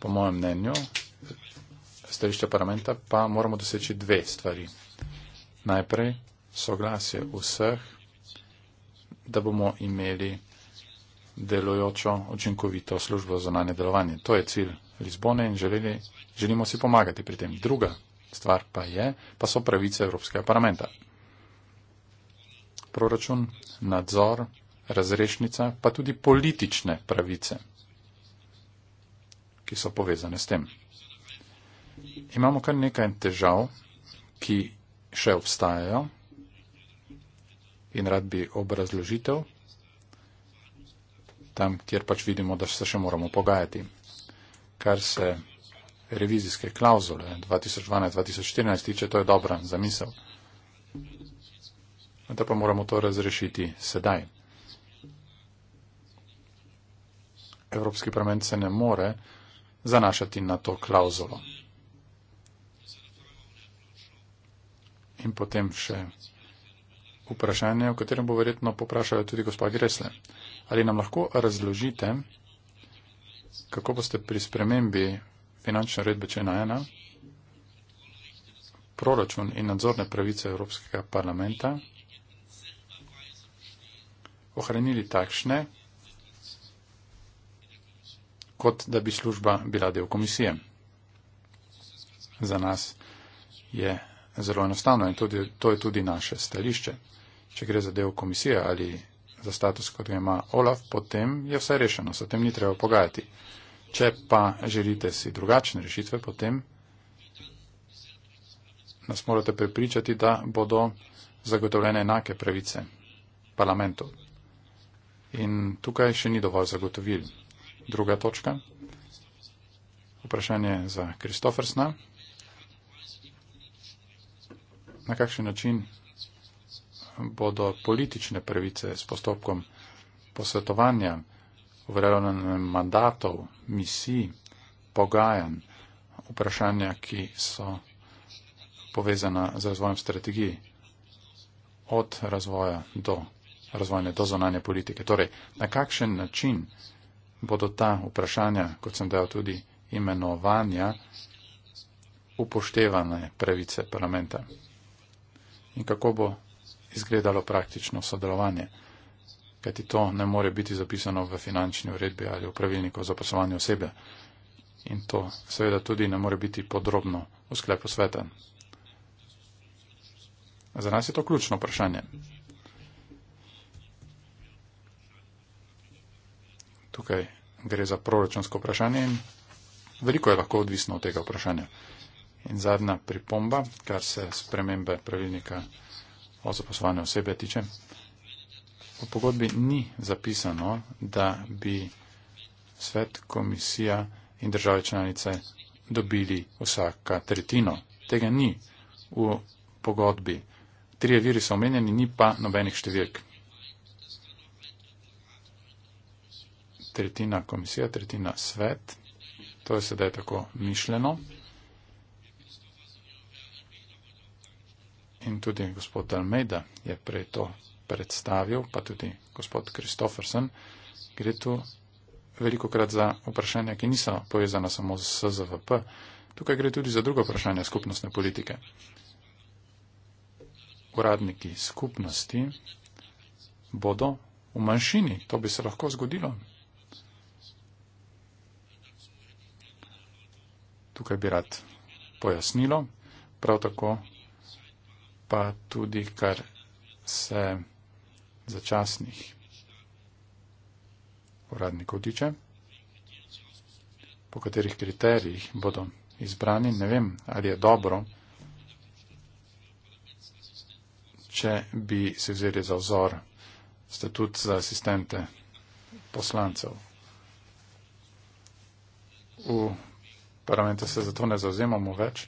[SPEAKER 3] po mojem mnenju, stališče parlamenta, pa moramo doseči dve stvari. Najprej soglasje vseh, da bomo imeli delojočo, učinkovito službo za nanje delovanje. To je cilj Lizbone in želeli, želimo si pomagati pri tem. Druga stvar pa je, pa so pravice Evropskega parlamenta. Proračun, nadzor, razrešnica, pa tudi politične pravice ki so povezane s tem. Imamo kar nekaj težav, ki še obstajajo in rad bi obrazložitev tam, kjer pač vidimo, da se še moramo pogajati. Kar se revizijske klauzule 2012-2014 tiče, to je dobra zamisel. Da pa moramo to razrešiti sedaj. Evropski parlament se ne more zanašati na to klauzulo. In potem še vprašanje, o katerem bo verjetno poprašala tudi gospa Gresle. Ali nam lahko razložite, kako boste pri spremembi finančne redbe Čenajena proračun in nadzorne pravice Evropskega parlamenta ohranili takšne, kot da bi služba bila del komisije. Za nas je zelo enostavno in tudi, to je tudi naše stališče. Če gre za del komisije ali za status, kot ga ima Olaf, potem je vse rešeno, s tem ni treba pogajati. Če pa želite si drugačne rešitve, potem nas morate prepričati, da bodo zagotovljene enake pravice parlamentov. In tukaj še ni dovolj zagotovil. Druga točka. Vprašanje za Kristofersna. Na kakšen način bodo politične prvice s postopkom posvetovanja, uveljavljanja mandatov, misij, pogajanj, vprašanja, ki so povezana z razvojem strategiji od razvoja do razvojne, do zonanje politike. Torej, na kakšen način bodo ta vprašanja, kot sem dejal tudi imenovanja, upoštevane pravice parlamenta. In kako bo izgledalo praktično sodelovanje, kajti to ne more biti zapisano v finančni uredbi ali v pravilniku za poslovanje osebe. In to seveda tudi ne more biti podrobno v sklepu sveta. Za nas je to ključno vprašanje. tukaj gre za proračunsko vprašanje in veliko je lahko odvisno od tega vprašanja. In zadnja pripomba, kar se spremembe pravilnika o zaposlovanju osebe tiče. V pogodbi ni zapisano, da bi svet, komisija in države članice dobili vsaka tretjino. Tega ni v pogodbi. Trije viri so omenjeni, ni pa nobenih številk. tretjina komisija, tretjina svet. To je sedaj tako mišljeno. In tudi gospod Almeida je prej to predstavil, pa tudi gospod Kristofersen. Gre tu veliko krat za vprašanja, ki niso povezana samo z SZVP. Tukaj gre tudi za drugo vprašanje skupnostne politike. Uradniki skupnosti bodo v manjšini, to bi se lahko zgodilo, tukaj bi rad pojasnilo, prav tako pa tudi, kar se začasnih uradnikov tiče, po katerih kriterijih bodo izbrani, ne vem, ali je dobro, če bi se vzeli za ozor statut za asistente poslancev. V parlamenta se zato ne zauzemamo več,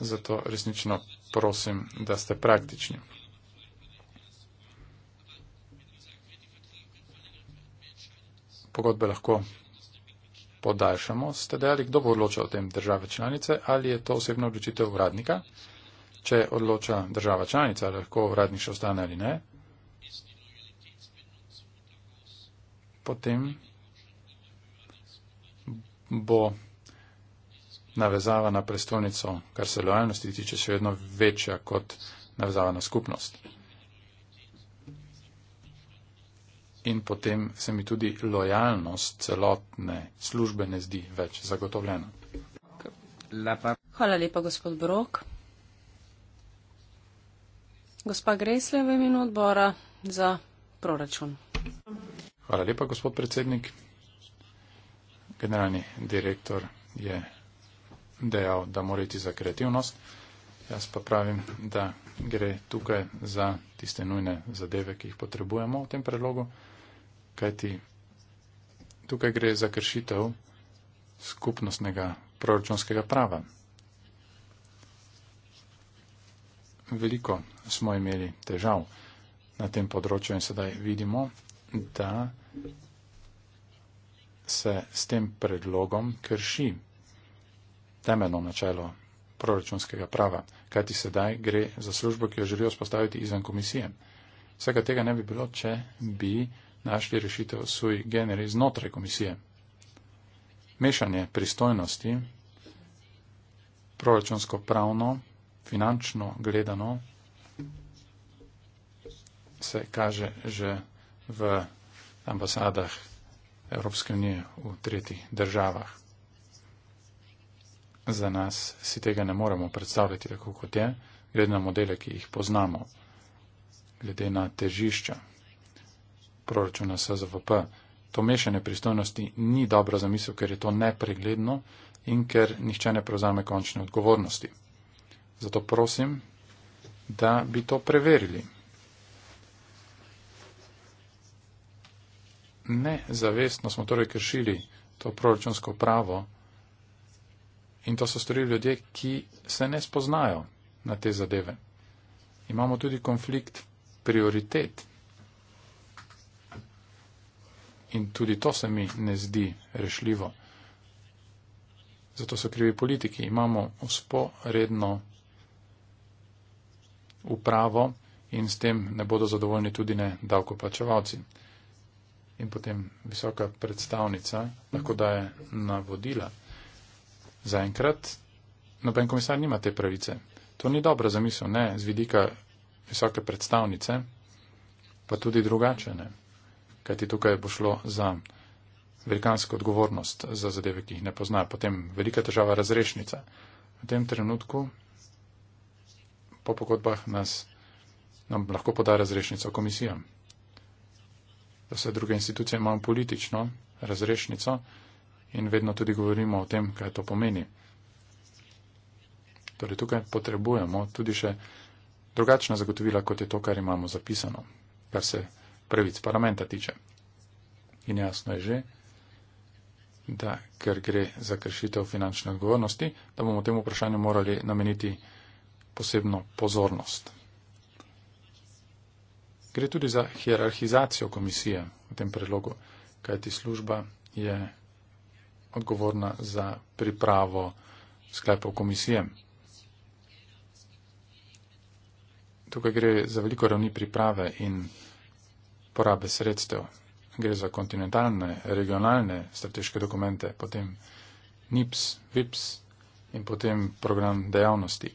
[SPEAKER 3] zato resnično prosim, da ste praktični. Pogodbe lahko podaljšamo, ste dejali, kdo bo odločal o tem države članice ali je to osebno odločitev uradnika. Če odloča država članica, ali lahko uradnik še ostane ali ne, potem bo navezava na prestolnico, kar se lojalnosti tiče, še vedno večja kot navezava na skupnost. In potem se mi tudi lojalnost celotne službe ne zdi več zagotovljena.
[SPEAKER 1] Hvala lepa, gospod Brok. Gospa Gresle v imenu odbora za proračun.
[SPEAKER 3] Hvala lepa, gospod predsednik. Generalni direktor je dejal, da mora iti za kreativnost. Jaz pa pravim, da gre tukaj za tiste nujne zadeve, ki jih potrebujemo v tem predlogu, kajti tukaj gre za kršitev skupnostnega proračunskega prava. Veliko smo imeli težav na tem področju in sedaj vidimo, da se s tem predlogom krši temeljno načelo proračunskega prava, kajti sedaj gre za službo, ki jo želijo spostaviti izven komisije. Vsega tega ne bi bilo, če bi našli rešitev sui generi znotraj komisije. Mešanje pristojnosti, proračunsko pravno, finančno gledano, se kaže že v ambasadah Evropske unije v tretjih državah za nas si tega ne moremo predstavljati tako, kot je, glede na modele, ki jih poznamo, glede na težišča proračuna SZVP. To mešanje pristojnosti ni dobro za misel, ker je to nepregledno in ker nihče ne prevzame končne odgovornosti. Zato prosim, da bi to preverili. Nezavestno smo torej kršili to proračunsko pravo, In to so storili ljudje, ki se ne spoznajo na te zadeve. Imamo tudi konflikt prioritet. In tudi to se mi ne zdi rešljivo. Zato so krivi politiki. Imamo usporedno upravo in s tem ne bodo zadovoljni tudi ne davkoplačevalci. In potem visoka predstavnica lahko daje navodila. Zaenkrat noben komisar nima te pravice. To ni dobro za misel, ne, z vidika visoke predstavnice, pa tudi drugače ne. Kajti tukaj bo šlo za velikansko odgovornost za zadeve, ki jih ne pozna. Potem velika težava razrešnica. V tem trenutku po pogodbah nas nam lahko poda razrešnico komisijam. Vse druge institucije imamo politično razrešnico in vedno tudi govorimo o tem, kaj to pomeni. Torej tukaj potrebujemo tudi še drugačna zagotovila, kot je to, kar imamo zapisano, kar se pravic parlamenta tiče. In jasno je že, da ker gre za kršitev finančne odgovornosti, da bomo temu vprašanju morali nameniti posebno pozornost. Gre tudi za hierarhizacijo komisije v tem predlogu, kajti služba je odgovorna za pripravo sklepov komisije. Tukaj gre za veliko ravni priprave in porabe sredstev. Gre za kontinentalne, regionalne strateške dokumente, potem NIPS, VIPS in potem program dejavnosti.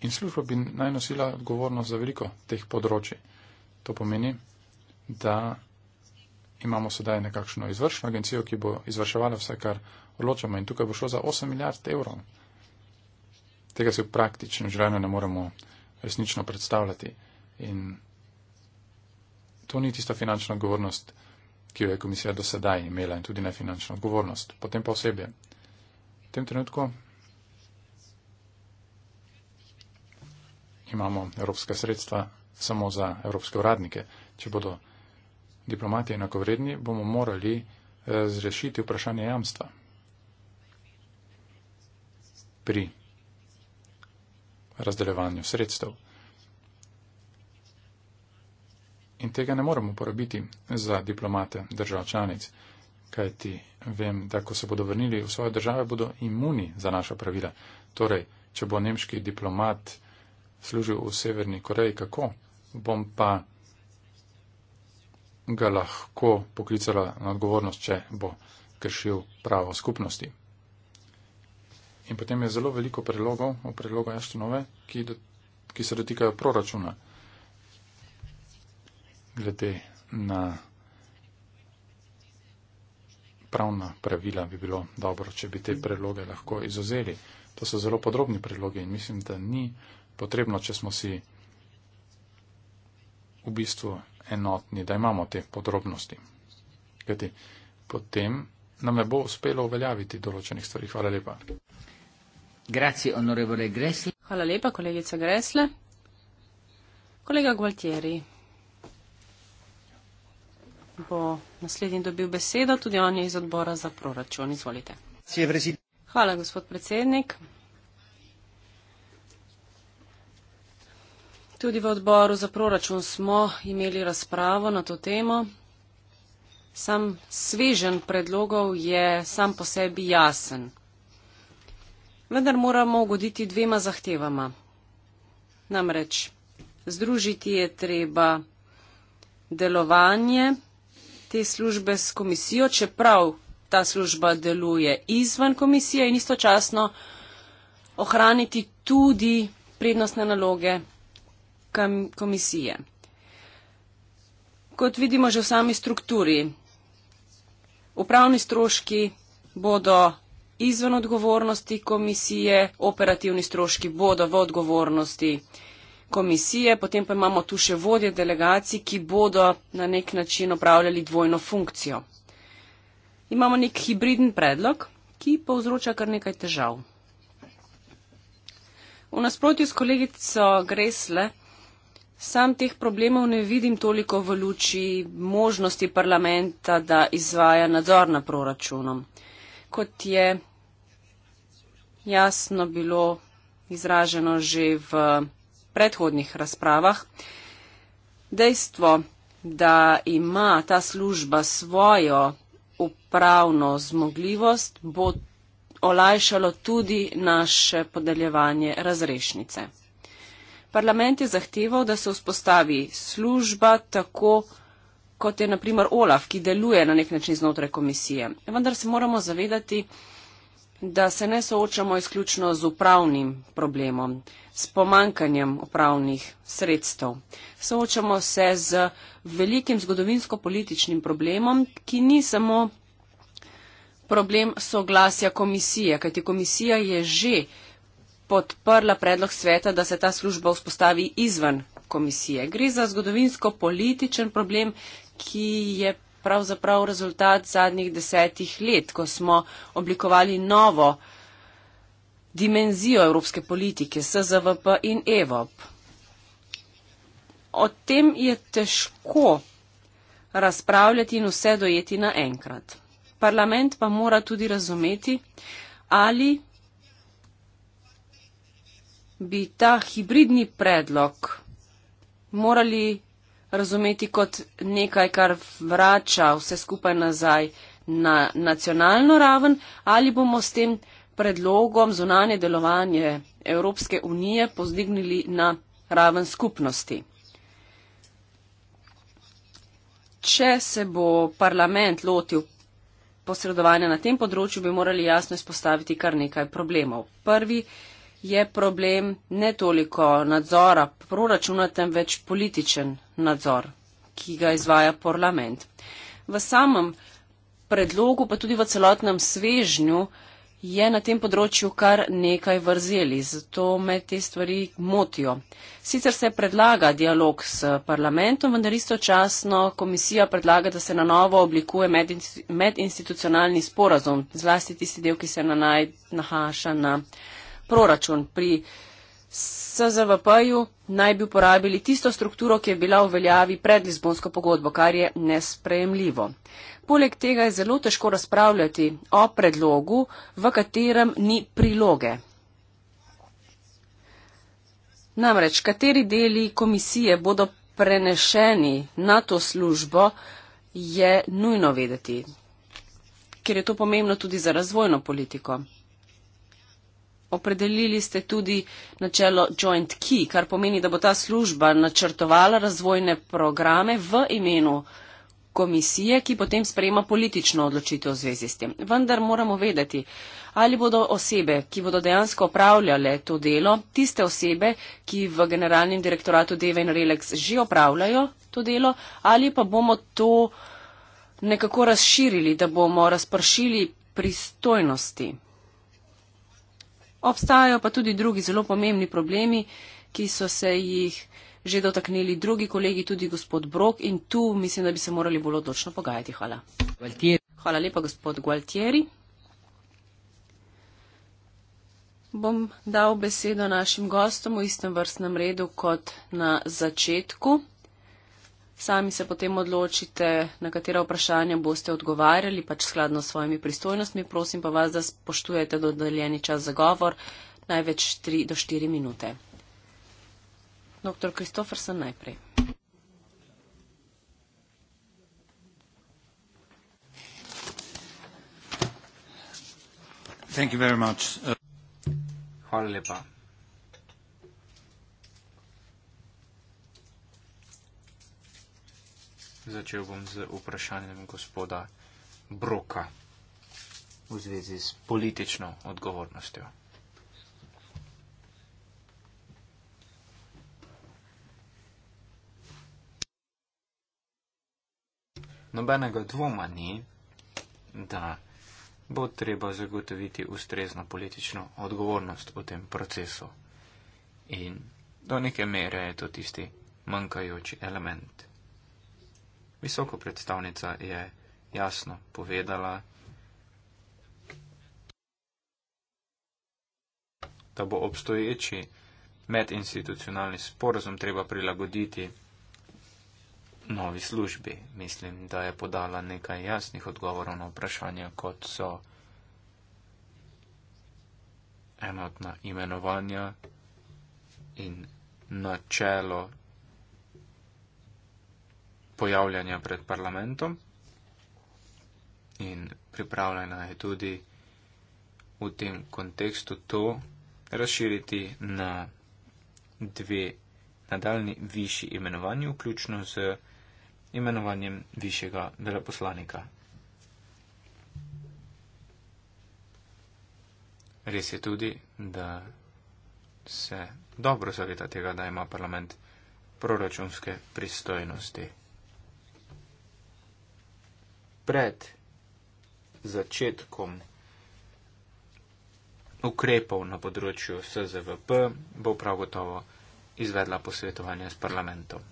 [SPEAKER 3] In služba bi naj nosila odgovornost za veliko teh področji. To pomeni, da imamo sedaj nekakšno izvršno agencijo, ki bo izvrševala vse, kar odločamo. In tukaj bo šlo za 8 milijard evrov. Tega si v praktičnem življenju ne moremo resnično predstavljati. In to ni tista finančna odgovornost, ki jo je komisija do sedaj imela in tudi ne finančna odgovornost. Potem pa osebje. V tem trenutku imamo evropska sredstva samo za evropske uradnike. Če bodo diplomati enakovredni, bomo morali razrešiti eh, vprašanje jamstva. Pri razdeljevanju sredstev. In tega ne moremo uporabiti za diplomate držav članic, kajti vem, da ko se bodo vrnili v svoje države, bodo imuni za naša pravila. Torej, če bo nemški diplomat služil v Severni Koreji, kako? Bom pa ga lahko poklicala na odgovornost, če bo kršil pravo skupnosti. In potem je zelo veliko predlogov, o predlogu Ashtonove, ki, ki se dotikajo proračuna glede na pravna pravila bi bilo dobro, če bi te predloge lahko izuzeli. To so zelo podrobni predlogi in mislim, da ni potrebno, če smo si v bistvu enotni, da imamo te podrobnosti. Kajti potem nam ne bo uspelo uveljaviti določenih stvari. Hvala lepa. Grazie, onorevole Gresle.
[SPEAKER 1] Hvala lepa, kolegica Gresle. Kolega Gualtieri bo naslednji dobil besedo, tudi on je iz odbora za proračun. Izvolite. Hvala, gospod predsednik. Tudi v odboru za proračun smo imeli razpravo na to temo. Sam svežen predlogov je sam po sebi jasen. Vendar moramo ugoditi dvema zahtevama. Namreč združiti je treba delovanje te službe s komisijo, čeprav ta služba deluje izven komisije in istočasno ohraniti tudi prednostne naloge kam, komisije. Kot vidimo že v sami strukturi, upravni stroški bodo izven odgovornosti komisije, operativni stroški bodo v odgovornosti komisije, potem pa imamo tu še vodje delegacij, ki bodo na nek način opravljali dvojno funkcijo. Imamo nek hibriden predlog, ki povzroča kar nekaj težav. V nasprotju s kolegico Gresle Sam teh problemov ne vidim toliko v luči možnosti parlamenta, da izvaja nadzor na proračunom. Kot je jasno bilo izraženo že v predhodnih razpravah, dejstvo, da ima ta služba svojo upravno zmogljivost, bo olajšalo tudi naše podeljevanje razrešnice. Parlament je zahteval, da se vzpostavi služba tako, kot je naprimer Olaf, ki deluje na nek način znotraj komisije. Vendar se moramo zavedati, da se ne soočamo izključno z upravnim problemom, s pomankanjem upravnih sredstev. Soočamo se z velikim zgodovinsko-političnim problemom, ki ni samo problem soglasja komisije, kajti komisija je že podprla predlog sveta, da se ta služba vzpostavi izven komisije. Gre za zgodovinsko-političen problem, ki je pravzaprav rezultat zadnjih desetih let, ko smo oblikovali novo dimenzijo evropske politike, SZVP in EVOP. O tem je težko razpravljati in vse dojeti naenkrat. Parlament pa mora tudi razumeti, ali bi ta hibridni predlog morali razumeti kot nekaj, kar vrača vse skupaj nazaj na nacionalno raven ali bomo s tem predlogom zunanje delovanje Evropske unije pozdignili na raven skupnosti. Če se bo parlament lotil posredovanja na tem področju, bi morali jasno izpostaviti kar nekaj problemov. Prvi je problem ne toliko nadzora proračuna, temveč političen nadzor, ki ga izvaja parlament. V samem predlogu, pa tudi v celotnem svežnju, je na tem področju kar nekaj vrzeli, zato me te stvari motijo. Sicer se predlaga dialog s parlamentom, vendar istočasno komisija predlaga, da se na novo oblikuje medinstitucionalni sporazum, zlasti tisti del, ki se nanaša na. Naj, proračun. Pri SZVP-ju naj bi uporabili tisto strukturo, ki je bila v veljavi pred Lizbonsko pogodbo, kar je nesprejemljivo. Poleg tega je zelo težko razpravljati o predlogu, v katerem ni priloge. Namreč, kateri deli komisije bodo prenešeni na to službo, je nujno vedeti, ker je to pomembno tudi za razvojno politiko. Opredelili ste tudi načelo Joint Key, kar pomeni, da bo ta služba načrtovala razvojne programe v imenu komisije, ki potem sprejema politično odločitev v zvezi s tem. Vendar moramo vedeti, ali bodo osebe, ki bodo dejansko opravljale to delo, tiste osebe, ki v generalnem direktoratu Deve in Relex že opravljajo to delo, ali pa bomo to nekako razširili, da bomo razpršili pristojnosti. Obstajajo pa tudi drugi zelo pomembni problemi, ki so se jih že dotaknili drugi kolegi, tudi gospod Brok in tu mislim, da bi se morali bolj odločno pogajati. Hvala. Gualtieri. Hvala lepa, gospod Gualtieri. Bom dal besedo našim gostom v istem vrstnem redu kot na začetku. Sami se potem odločite, na katera vprašanja boste odgovarjali, pač skladno s svojimi pristojnostmi. Prosim pa vas, da spoštujete dodeljeni čas za govor, največ 3 do 4 minute. Doktor Kristofersen najprej.
[SPEAKER 4] Hvala lepa. Začel bom z vprašanjem gospoda Broka v zvezi s politično odgovornostjo. Nobenega dvoma ni, da bo treba zagotoviti ustrezno politično odgovornost v tem procesu. In do neke mere je to tisti manjkajoči element. Visoko predstavnica je jasno povedala, da bo obstoječi medinstitucionalni sporozum treba prilagoditi novi službi. Mislim, da je podala nekaj jasnih odgovorov na vprašanja, kot so enotna imenovanja in načelo pojavljanja pred parlamentom in pripravljena je tudi v tem kontekstu to razširiti na dve nadaljni višji imenovanji, vključno z imenovanjem višjega veleposlanika. Res je tudi, da se dobro zaveda tega, da ima parlament proračunske pristojnosti pred začetkom ukrepov na področju SZVP bo prav gotovo izvedla posvetovanje s parlamentom.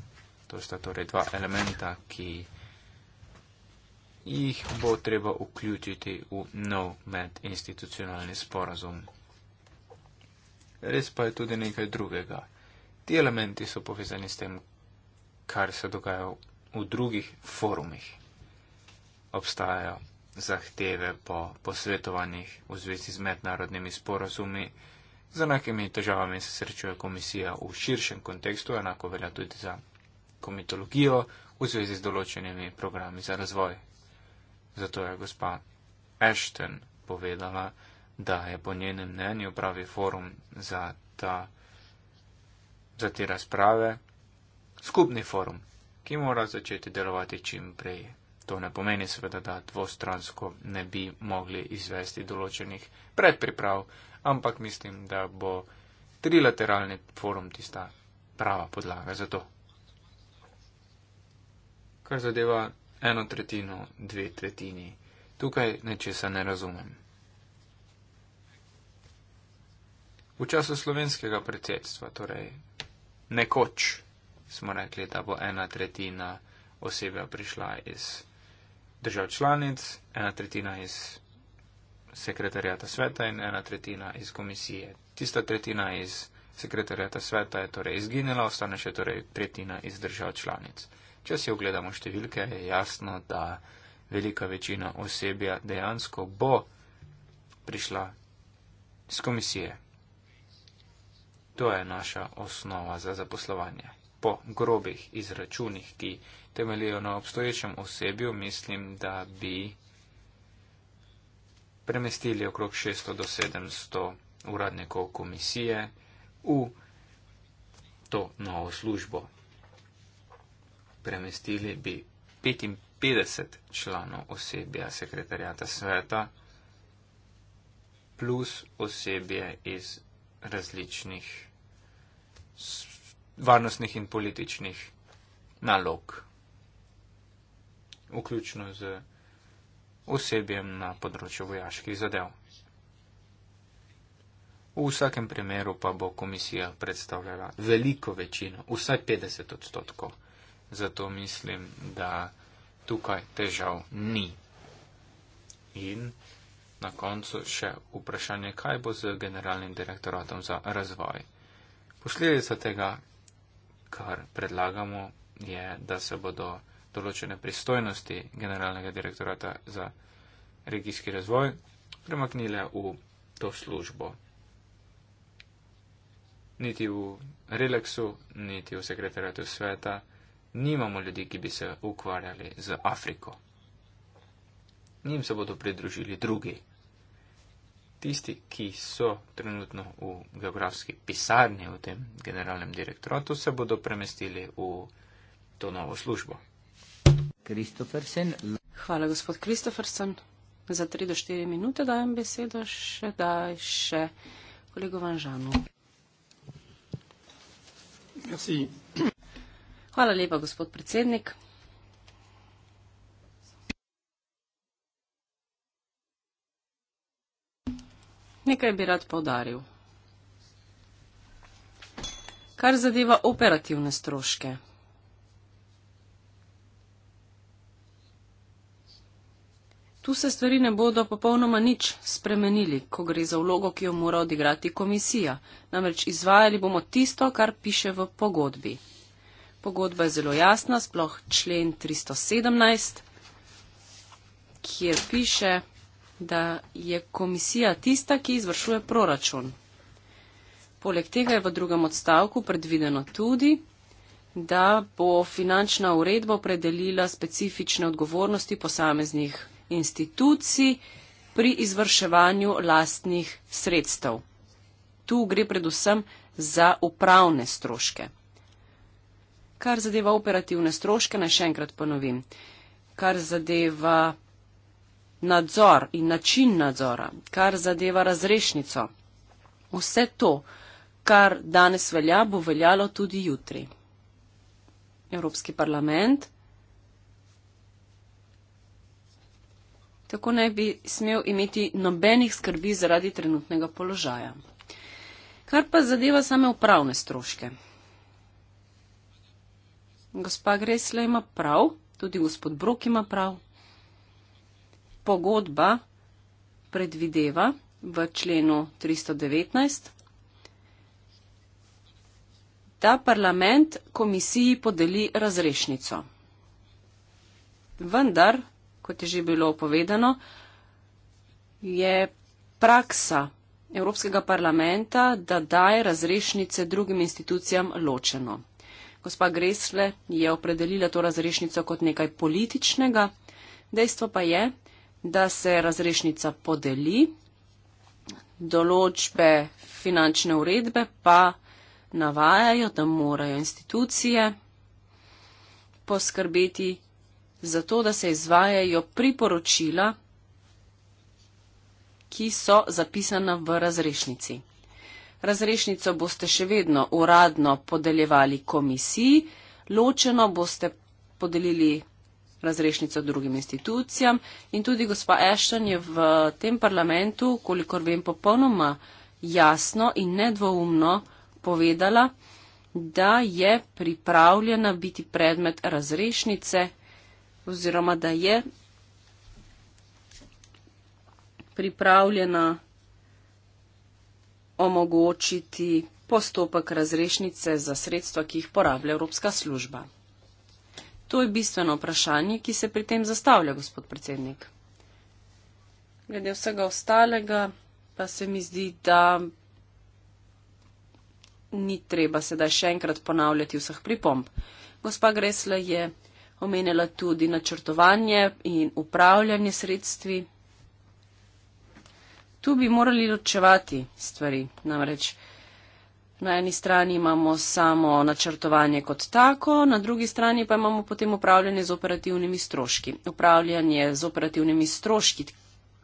[SPEAKER 4] To sta torej dva elementa, ki jih bo treba vključiti v nov medinstitucionalni sporazum. Res pa je tudi nekaj drugega. Ti elementi so povezani s tem, kar se dogaja v drugih forumih obstajajo zahteve po posvetovanjih v zvezi z mednarodnimi sporazumi. Z enakimi težavami se srečuje komisija v širšem kontekstu, enako velja tudi za komitologijo v zvezi z določenimi programi za razvoj. Zato je gospa Ashton povedala, da je po njenem mnenju pravi forum za, ta, za te razprave skupni forum, ki mora začeti delovati čim prej To ne pomeni seveda, da dvostransko ne bi mogli izvesti določenih predpriprav, ampak mislim, da bo trilateralni forum tista prava podlaga za to. Kar zadeva eno tretjino, dve tretjini. Tukaj nečesa ne razumem. V času slovenskega predsedstva, torej nekoč, smo rekli, da bo ena tretjina osebja prišla iz držav članic, ena tretjina iz sekretarjata sveta in ena tretjina iz komisije. Tista tretjina iz sekretarjata sveta je torej izginila, ostane še torej tretjina iz držav članic. Če si ogledamo številke, je jasno, da velika večina osebja dejansko bo prišla z komisije. To je naša osnova za zaposlovanje po grobih izračunih, ki temeljijo na obstoječem osebju, mislim, da bi premestili okrog 600 do 700 uradnikov komisije v to novo službo. Premestili bi 55 članov osebja sekretarjata sveta plus osebje iz različnih varnostnih in političnih nalog, vključno z osebjem na področju vojaških zadev. V vsakem primeru pa bo komisija predstavljala veliko večino, vsaj 50 odstotkov. Zato mislim, da tukaj težav ni. In na koncu še vprašanje, kaj bo z generalnim direktoratom za razvoj. Posledica tega, kar predlagamo, je, da se bodo določene pristojnosti Generalnega direktorata za regijski razvoj premaknile v to službo. Niti v Relaxu, niti v sekretariatu sveta nimamo ljudi, ki bi se ukvarjali z Afriko. Njim se bodo pridružili drugi tisti, ki so trenutno v geografski pisarni v tem generalnem direktoratu, se bodo premestili
[SPEAKER 1] v to novo službo. Hvala, gospod Kristofersen. Za tri do štiri minute dajem besedo še daj še kolegu Vanžanu. Hvala lepa, gospod predsednik. Nekaj bi rad podaril. Kar zadeva operativne stroške. Tu se stvari ne bodo popolnoma nič spremenili, ko gre za vlogo, ki jo mora odigrati komisija. Namreč izvajali bomo tisto, kar piše v pogodbi. Pogodba je zelo jasna, sploh člen 317, kjer piše da je komisija tista, ki izvršuje proračun. Poleg tega je v drugem odstavku predvideno tudi, da bo finančna uredba opredelila specifične odgovornosti posameznih institucij pri izvrševanju lastnih sredstev. Tu gre predvsem za upravne stroške. Kar zadeva operativne stroške, naj še enkrat ponovim. Kar zadeva nadzor in način nadzora, kar zadeva razrešnico. Vse to, kar danes velja, bo veljalo tudi jutri. Evropski parlament tako ne bi smel imeti nobenih skrbi zaradi trenutnega položaja. Kar pa zadeva same upravne stroške. Gospa Gresla ima prav, tudi gospod Brok ima prav, pogodba predvideva v členu 319, da parlament komisiji podeli razrešnico. Vendar, kot je že bilo povedano, je praksa Evropskega parlamenta, da daje razrešnice drugim institucijam ločeno. Gospa Gresle je opredelila to razrešnico kot nekaj političnega, dejstvo pa je, da se razrešnica podeli, določbe finančne uredbe pa navajajo, da morajo institucije poskrbeti za to, da se izvajajo priporočila, ki so zapisana v razrešnici. Razrešnico boste še vedno uradno podeljevali komisiji, ločeno boste podelili razrešnico drugim institucijam in tudi gospa Ashton je v tem parlamentu, kolikor vem, popolnoma jasno in nedvoumno povedala, da je pripravljena biti predmet razrešnice oziroma da je pripravljena omogočiti postopek razrešnice za sredstva, ki jih porablja Evropska služba. To je bistveno vprašanje, ki se pri tem zastavlja, gospod predsednik. Glede vsega ostalega pa se mi zdi, da ni treba sedaj še enkrat ponavljati vseh pripomb. Gospa Gresla je omenjala tudi načrtovanje in upravljanje sredstvi. Tu bi morali ločevati stvari, namreč. Na eni strani imamo samo načrtovanje kot tako, na drugi strani pa imamo potem upravljanje z operativnimi stroški. Upravljanje z operativnimi stroški,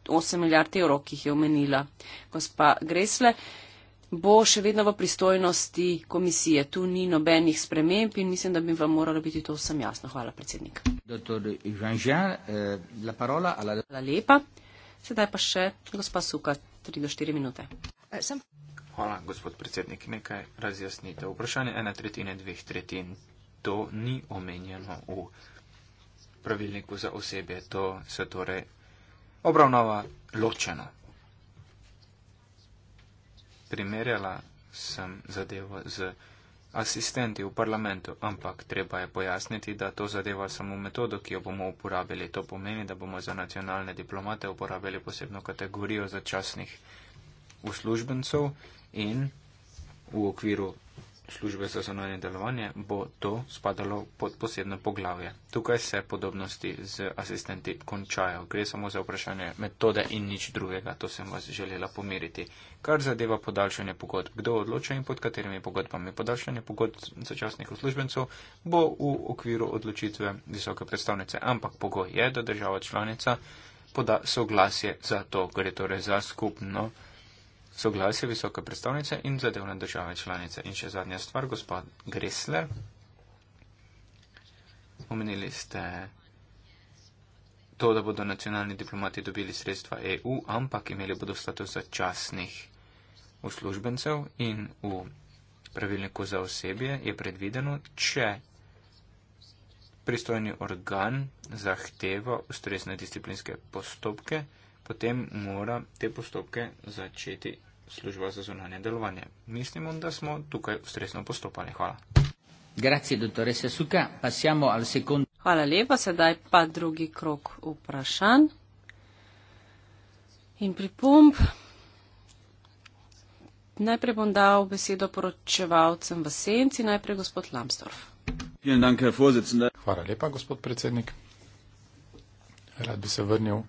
[SPEAKER 1] 8 milijard evrov, ki jih je omenila gospa Gresle, bo še vedno v pristojnosti komisije. Tu ni nobenih sprememb in mislim, da bi vam moralo biti to vsem jasno. Hvala, predsednik. Eh, Hvala lepa. Sedaj pa še gospa Suka, 3 do 4 minute. Eh, sem.
[SPEAKER 4] Hvala, gospod predsednik. Nekaj razjasnite. Vprašanje ena tretjine, dveh tretjin. To ni omenjeno v pravilniku za osebe. To se torej obravnava ločeno. Primerjala sem zadevo z asistenti v parlamentu, ampak treba je pojasniti, da to zadeva samo metodo, ki jo bomo uporabili. To pomeni, da bomo za nacionalne diplomate uporabili posebno kategorijo začasnih uslužbencov in v okviru službe za zunanje delovanje bo to spadalo pod posebno poglavje. Tukaj se podobnosti z asistenti končajo. Gre samo za vprašanje metode in nič drugega. To sem vas želela pomiriti. Kar zadeva podaljšanje pogodb, kdo odloča in pod katerimi pogodbami podaljšanje pogodb začasnih uslužbencev, bo v okviru odločitve visoke predstavnice. Ampak pogoj je, da država članica poda soglasje za to. Gre torej za skupno soglasje visoke predstavnice in zadevne države članice. In še zadnja stvar, gospod Gressler. Omenili ste to, da bodo nacionalni diplomati dobili sredstva EU, ampak imeli bodo status začasnih uslužbencev in v pravilniku za osebje je predvideno, če pristojni organ zahteva ustrezne disciplinske postopke, potem mora te postopke začeti služba za zunanje delovanje. Mislimo, da smo tukaj ustrezno postopali. Hvala.
[SPEAKER 2] Grazie, dottoressa Suka. Passiamo al secondo.
[SPEAKER 1] Hvala lepa, sedaj pa drugi krok vprašanj in pripomb. Najprej bom dal besedo poročevalcem v senci, najprej gospod Lambsdorff.
[SPEAKER 3] Hvala lepa, gospod predsednik. Rad bi se vrnil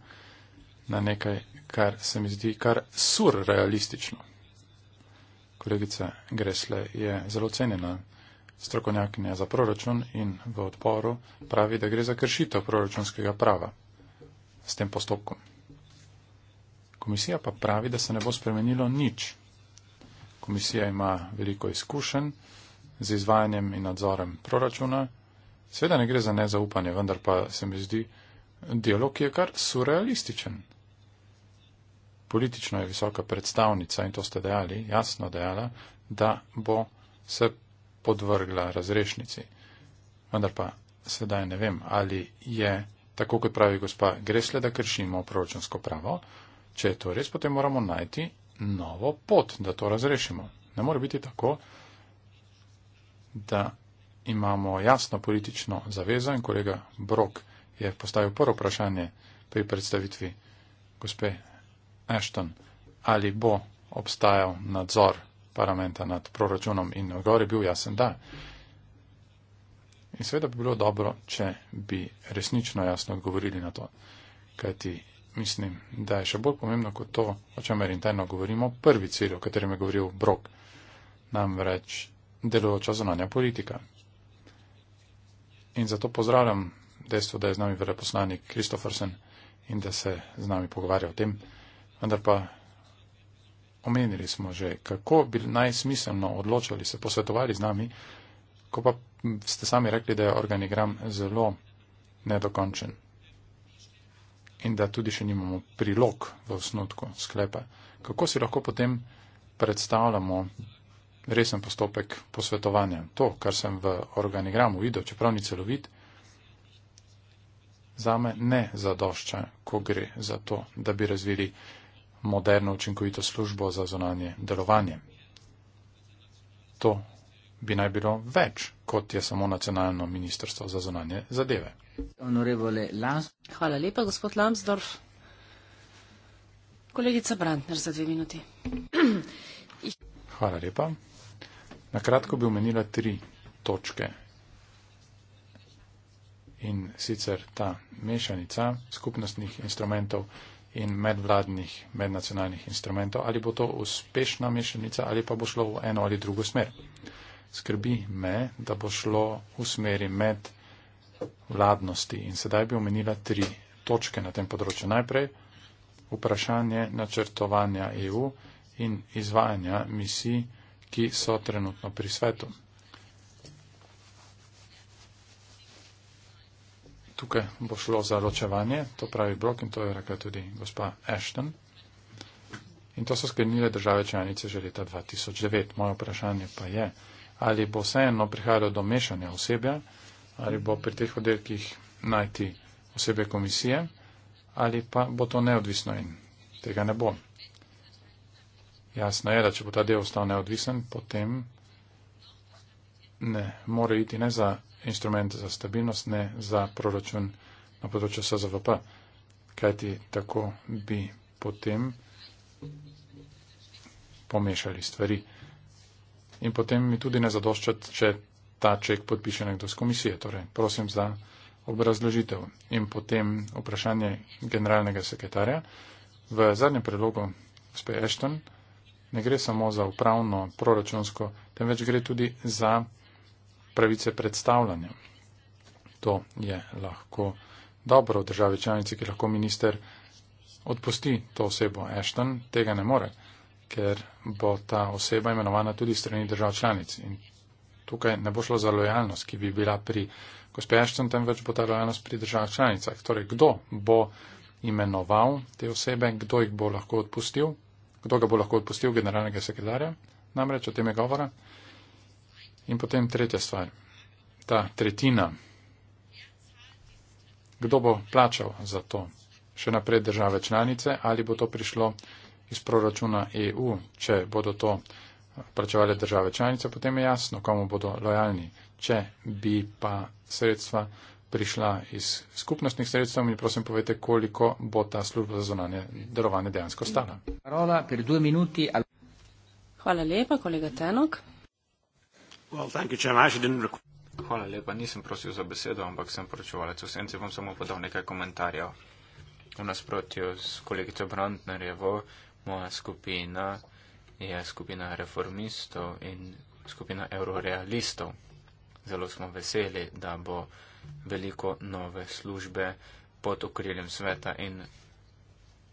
[SPEAKER 3] na nekaj kar se mi zdi kar surrealistično. Kolegica Gresle je zelo cenjena strokovnjakinja za proračun in v odporu pravi, da gre za kršitev proračunskega prava s tem postopkom. Komisija pa pravi, da se ne bo spremenilo nič. Komisija ima veliko izkušenj z izvajanjem in nadzorem proračuna. Seveda ne gre za nezaupanje, vendar pa se mi zdi dialog, ki je kar surrealističen politično je visoka predstavnica in to ste dejali, jasno dejala, da bo se podvrgla razrešnici. Vendar pa sedaj ne vem, ali je, tako kot pravi gospa Gresle, da kršimo proročansko pravo, če je to res, potem moramo najti novo pot, da to razrešimo. Ne more biti tako, da imamo jasno politično zavezo in kolega Brok je postavil prvo vprašanje pri predstavitvi gospe Ashton, ali bo obstajal nadzor parlamenta nad proračunom in odgovor je bil jasen da. In seveda bi bilo dobro, če bi resnično jasno odgovorili na to, kajti mislim, da je še bolj pomembno kot to, o čemer interno govorimo, prvi cilj, o katerem je govoril Brok, namreč delujoča zunanja politika. In zato pozdravljam dejstvo, da je z nami veleposlanik Kristofersen in da se z nami pogovarja o tem. Vendar pa omenili smo že, kako bi najsmiselno odločali, se posvetovali z nami, ko pa ste sami rekli, da je organigram zelo nedokončen in da tudi še nimamo prilog v osnutku sklepa. Kako si lahko potem predstavljamo resen postopek posvetovanja? To, kar sem v organigramu videl, čeprav ni celovit, zame ne zadošča, ko gre za to, da bi razvili moderno učinkovito službo za zonanje delovanje. To bi naj bilo več, kot je samo nacionalno ministrstvo za zonanje zadeve.
[SPEAKER 1] Hvala lepa, gospod Lambsdorff. Kolegica Brandner za dve minuti.
[SPEAKER 3] Hvala lepa. Na kratko bi omenila tri točke. In sicer ta mešanica skupnostnih instrumentov, in medvladnih mednacionalnih instrumentov, ali bo to uspešna mešanica ali pa bo šlo v eno ali drugo smer. Skrbi me, da bo šlo v smeri med vladnosti in sedaj bi omenila tri točke na tem področju. Najprej vprašanje načrtovanja EU in izvajanja misij, ki so trenutno pri svetu. tukaj bo šlo za ločevanje, to pravi blok in to je rekla tudi gospa Ashton. In to so sklenile države članice že leta 2009. Moje vprašanje pa je, ali bo vseeno prihajalo do mešanja osebja, ali bo pri teh oddelkih najti osebe komisije, ali pa bo to neodvisno in tega ne bo. Jasno je, da če bo ta del ostal neodvisen, potem ne more iti ne za instrumente za stabilnost, ne za proračun na področju SZVP. Kajti tako bi potem pomešali stvari. In potem mi tudi ne zadoščati, če ta ček podpiše nekdo z komisije. Torej, prosim za obrazložitev. In potem vprašanje generalnega sekretarja. V zadnjem predlogu gospe Ešton ne gre samo za upravno proračunsko, temveč gre tudi za pravice predstavljanja. To je lahko dobro v državi članici, ki lahko minister odpusti to osebo. Ashton tega ne more, ker bo ta oseba imenovana tudi strani držav članic. In tukaj ne bo šlo za lojalnost, ki bi bila pri gospe Ashton, temveč bo ta lojalnost pri državah članicah. Torej, kdo bo imenoval te osebe, kdo jih bo lahko odpustil, kdo ga bo lahko odpustil, generalnega sekretarja, namreč o tem je govora. In potem tretja stvar, ta tretjina. Kdo bo plačal za to? Še naprej države članice ali bo to prišlo iz proračuna EU? Če bodo to plačevali države članice, potem je jasno, komu bodo lojalni. Če bi pa sredstva prišla iz skupnostnih sredstev, mi prosim povete, koliko bo ta služba za zunanje delovanje dejansko stala.
[SPEAKER 1] Hvala lepa, kolega Tenok.
[SPEAKER 3] Hvala lepa.
[SPEAKER 4] Nisem prosil za besedo, ampak sem poročevalec v senci. Vam samo podal nekaj komentarjev. V nasprotju s kolegico Brandnerjevo, moja skupina je skupina reformistov in skupina eurorealistov. Zelo smo veseli, da bo veliko nove službe pod okriljem sveta in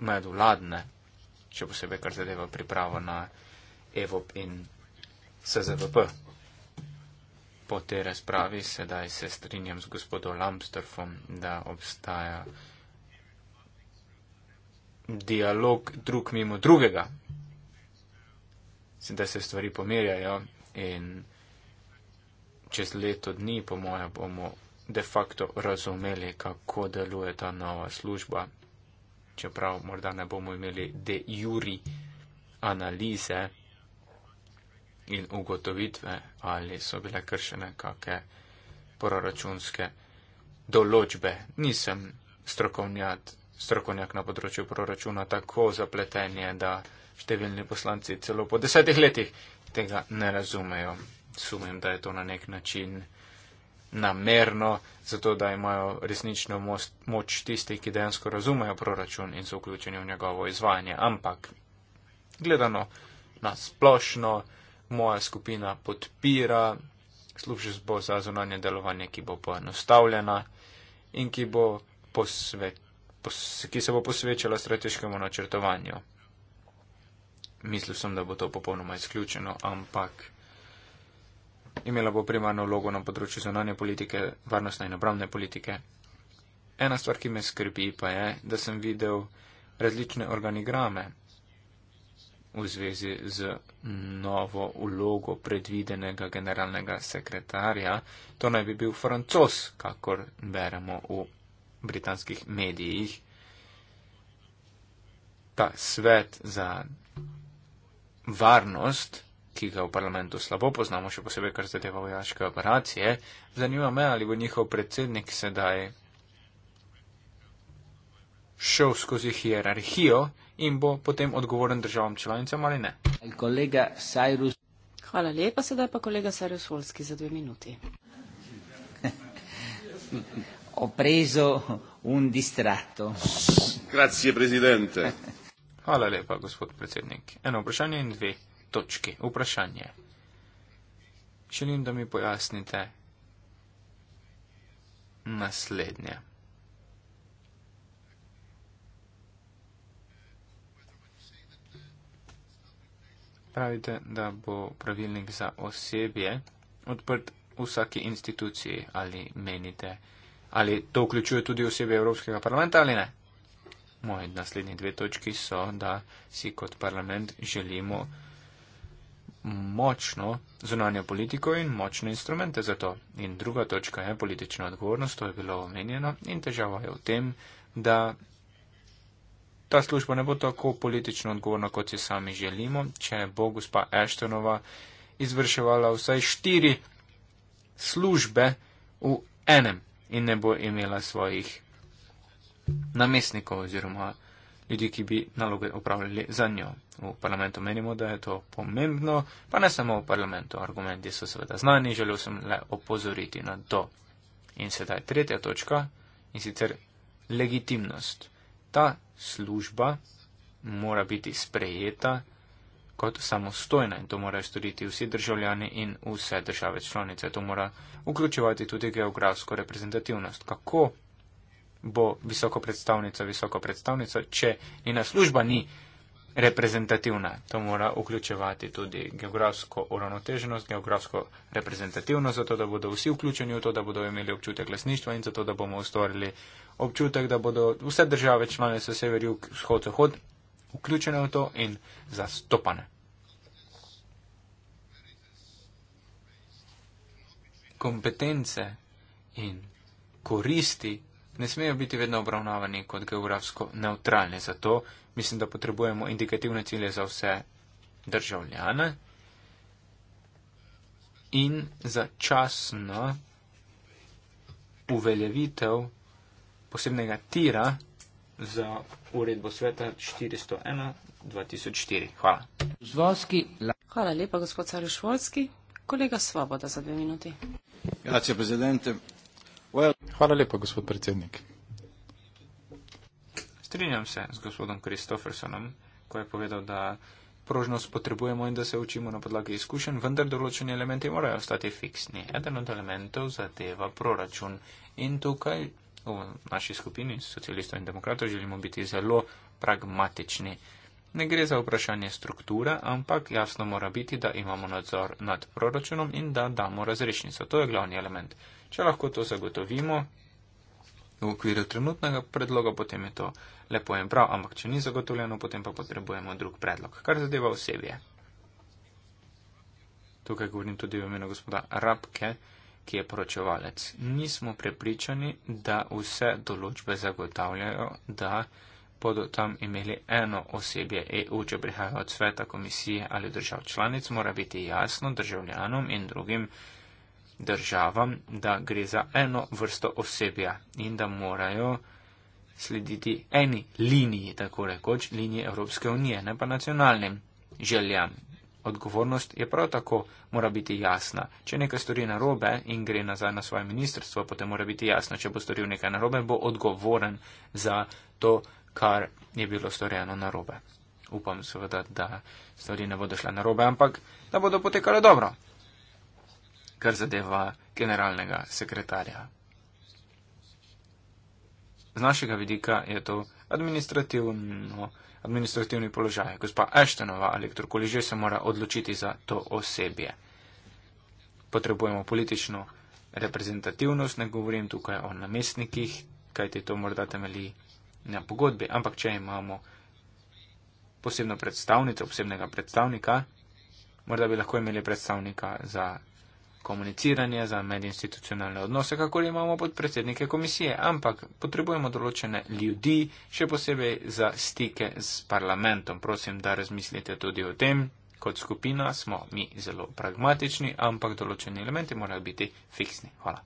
[SPEAKER 4] medvladne, še posebej kar zadeva pripravo na EVOP in SZVP po tej razpravi sedaj se strinjam z gospodom Lambstorfom, da obstaja dialog drug mimo drugega, da se stvari pomirjajo in čez leto dni, po moja, bomo de facto razumeli, kako deluje ta nova služba, čeprav morda ne bomo imeli de juri analize in ugotovitve, ali so bile kršene kakšne proračunske določbe. Nisem strokovnjak, strokovnjak na področju proračuna, tako zapleten je, da številni poslanci celo po desetih letih tega ne razumejo. Sumim, da je to na nek način namerno, zato da imajo resnično moč tisti, ki dejansko razumejo proračun in so vključeni v njegovo izvajanje. Ampak, gledano na splošno, moja skupina podpira, služi bo za zunanje delovanje, ki bo poenostavljena in ki, bo posvet, pos, ki se bo posvečala strateškemu načrtovanju. Mislil sem, da bo to popolnoma izključeno, ampak imela bo primarno vlogo na področju zunanje politike, varnostne in obramne politike. Ena stvar, ki me skrbi, pa je, da sem videl različne organigrame v zvezi z novo ulogo predvidenega generalnega sekretarja. To naj bi bil francos, kakor beremo v britanskih medijih. Ta svet za varnost, ki ga v parlamentu slabo poznamo, še posebej kar zadeva vojaške operacije, zanima me, ali bo njihov predsednik sedaj šel skozi hierarhijo in bo potem odgovoren državam članicam ali ne.
[SPEAKER 1] Hvala lepa, sedaj pa kolega Sarjus Volski za dve minuti.
[SPEAKER 2] Ho preso un distratto.
[SPEAKER 4] Grazie, presidente. Hvala lepa, gospod predsednik. Eno vprašanje in dve točke. Vprašanje. Želim, da mi pojasnite naslednje. pravite, da bo pravilnik za osebje odprt vsaki instituciji ali menite, ali to vključuje tudi osebje Evropskega parlamenta ali ne. Moje naslednje dve točki so, da si kot parlament želimo močno zunanjo politiko in močne instrumente za to. In druga točka je politična odgovornost, to je bilo omenjeno in težava je v tem, da ta služba ne bo tako politično odgovorna, kot si sami želimo, če bo gospa Ashtonova izvrševala vsaj štiri službe v enem in ne bo imela svojih namestnikov oziroma ljudi, ki bi naloge upravljali za njo. V parlamentu menimo, da je to pomembno, pa ne samo v parlamentu. Argumenti so seveda znani, želel sem le opozoriti na to. In sedaj tretja točka, in sicer legitimnost ta služba mora biti sprejeta kot samostojna in to morajo storiti vsi državljani in vse države članice. To mora vključevati tudi geografsko reprezentativnost. Kako bo visoko predstavnica visoko predstavnica, če njena služba ni reprezentativna. To mora vključevati tudi geografsko uravnoteženost, geografsko reprezentativnost, zato da bodo vsi vključeni v to, da bodo imeli občutek lasništva in zato da bomo ustvarili občutek, da bodo vse države članice severju, vzhod, zahod vključene v to in zastopane. Kompetence in koristi ne smejo biti vedno obravnavani kot geografsko neutralni. Zato mislim, da potrebujemo indikativne cilje za vse državljane in za časno uveljavitev posebnega tira za uredbo sveta 401-2004. Hvala.
[SPEAKER 1] Zvoski, la... Hvala lepa, gospod Sarišvolski. Kolega Svoboda za dve minuti.
[SPEAKER 3] Well... Hvala lepa, gospod predsednik strinjam
[SPEAKER 4] se z gospodom Kristofersonom, ko je povedal, da prožnost potrebujemo in da se učimo na podlagi izkušenj, vendar določeni elementi morajo ostati fiksni. Eden od elementov zadeva proračun. In tukaj v naši skupini socialistov in demokratov želimo biti zelo pragmatični. Ne gre za vprašanje strukture, ampak jasno mora biti, da imamo nadzor nad proračunom in da damo razrešnico. To je glavni element. Če lahko to zagotovimo, v okviru trenutnega predloga, potem je to lepo in prav, ampak če ni zagotovljeno, potem pa potrebujemo drug predlog, kar zadeva osebje. Tukaj govorim tudi v imenu gospoda Rabke, ki je poročevalec. Nismo prepričani, da vse določbe zagotavljajo, da bodo tam imeli eno osebje EU, če prihaja od sveta, komisije ali držav članic, mora biti jasno državljanom in drugim državam, da gre za eno vrsto osebja in da morajo slediti eni liniji, tako rekoč, liniji Evropske unije, ne pa nacionalnim željam. Odgovornost je prav tako, mora biti jasna. Če nekaj stori narobe in gre nazaj na svoje ministrstvo, potem mora biti jasna, če bo storil nekaj narobe, bo odgovoren za to, kar je bilo storjeno narobe. Upam seveda, da stvari ne bodo šle narobe, ampak da bodo potekale dobro kar zadeva generalnega sekretarja. Z našega vidika je to administrativno, administrativni položaj. Gospa Eštenova ali kdorkoli že se mora odločiti za to osebje. Potrebujemo politično reprezentativnost, ne govorim tukaj o namestnikih, kajti to morda temelji na pogodbi, ampak če imamo posebno predstavnico, posebnega predstavnika, morda bi lahko imeli predstavnika za komuniciranje, za medinstitucionalne odnose, kako imamo podpredsednike komisije, ampak potrebujemo določene ljudi, še posebej za stike z parlamentom. Prosim, da razmislite tudi o tem. Kot skupina smo mi zelo pragmatični, ampak določeni elementi morajo biti fiksni. Hvala.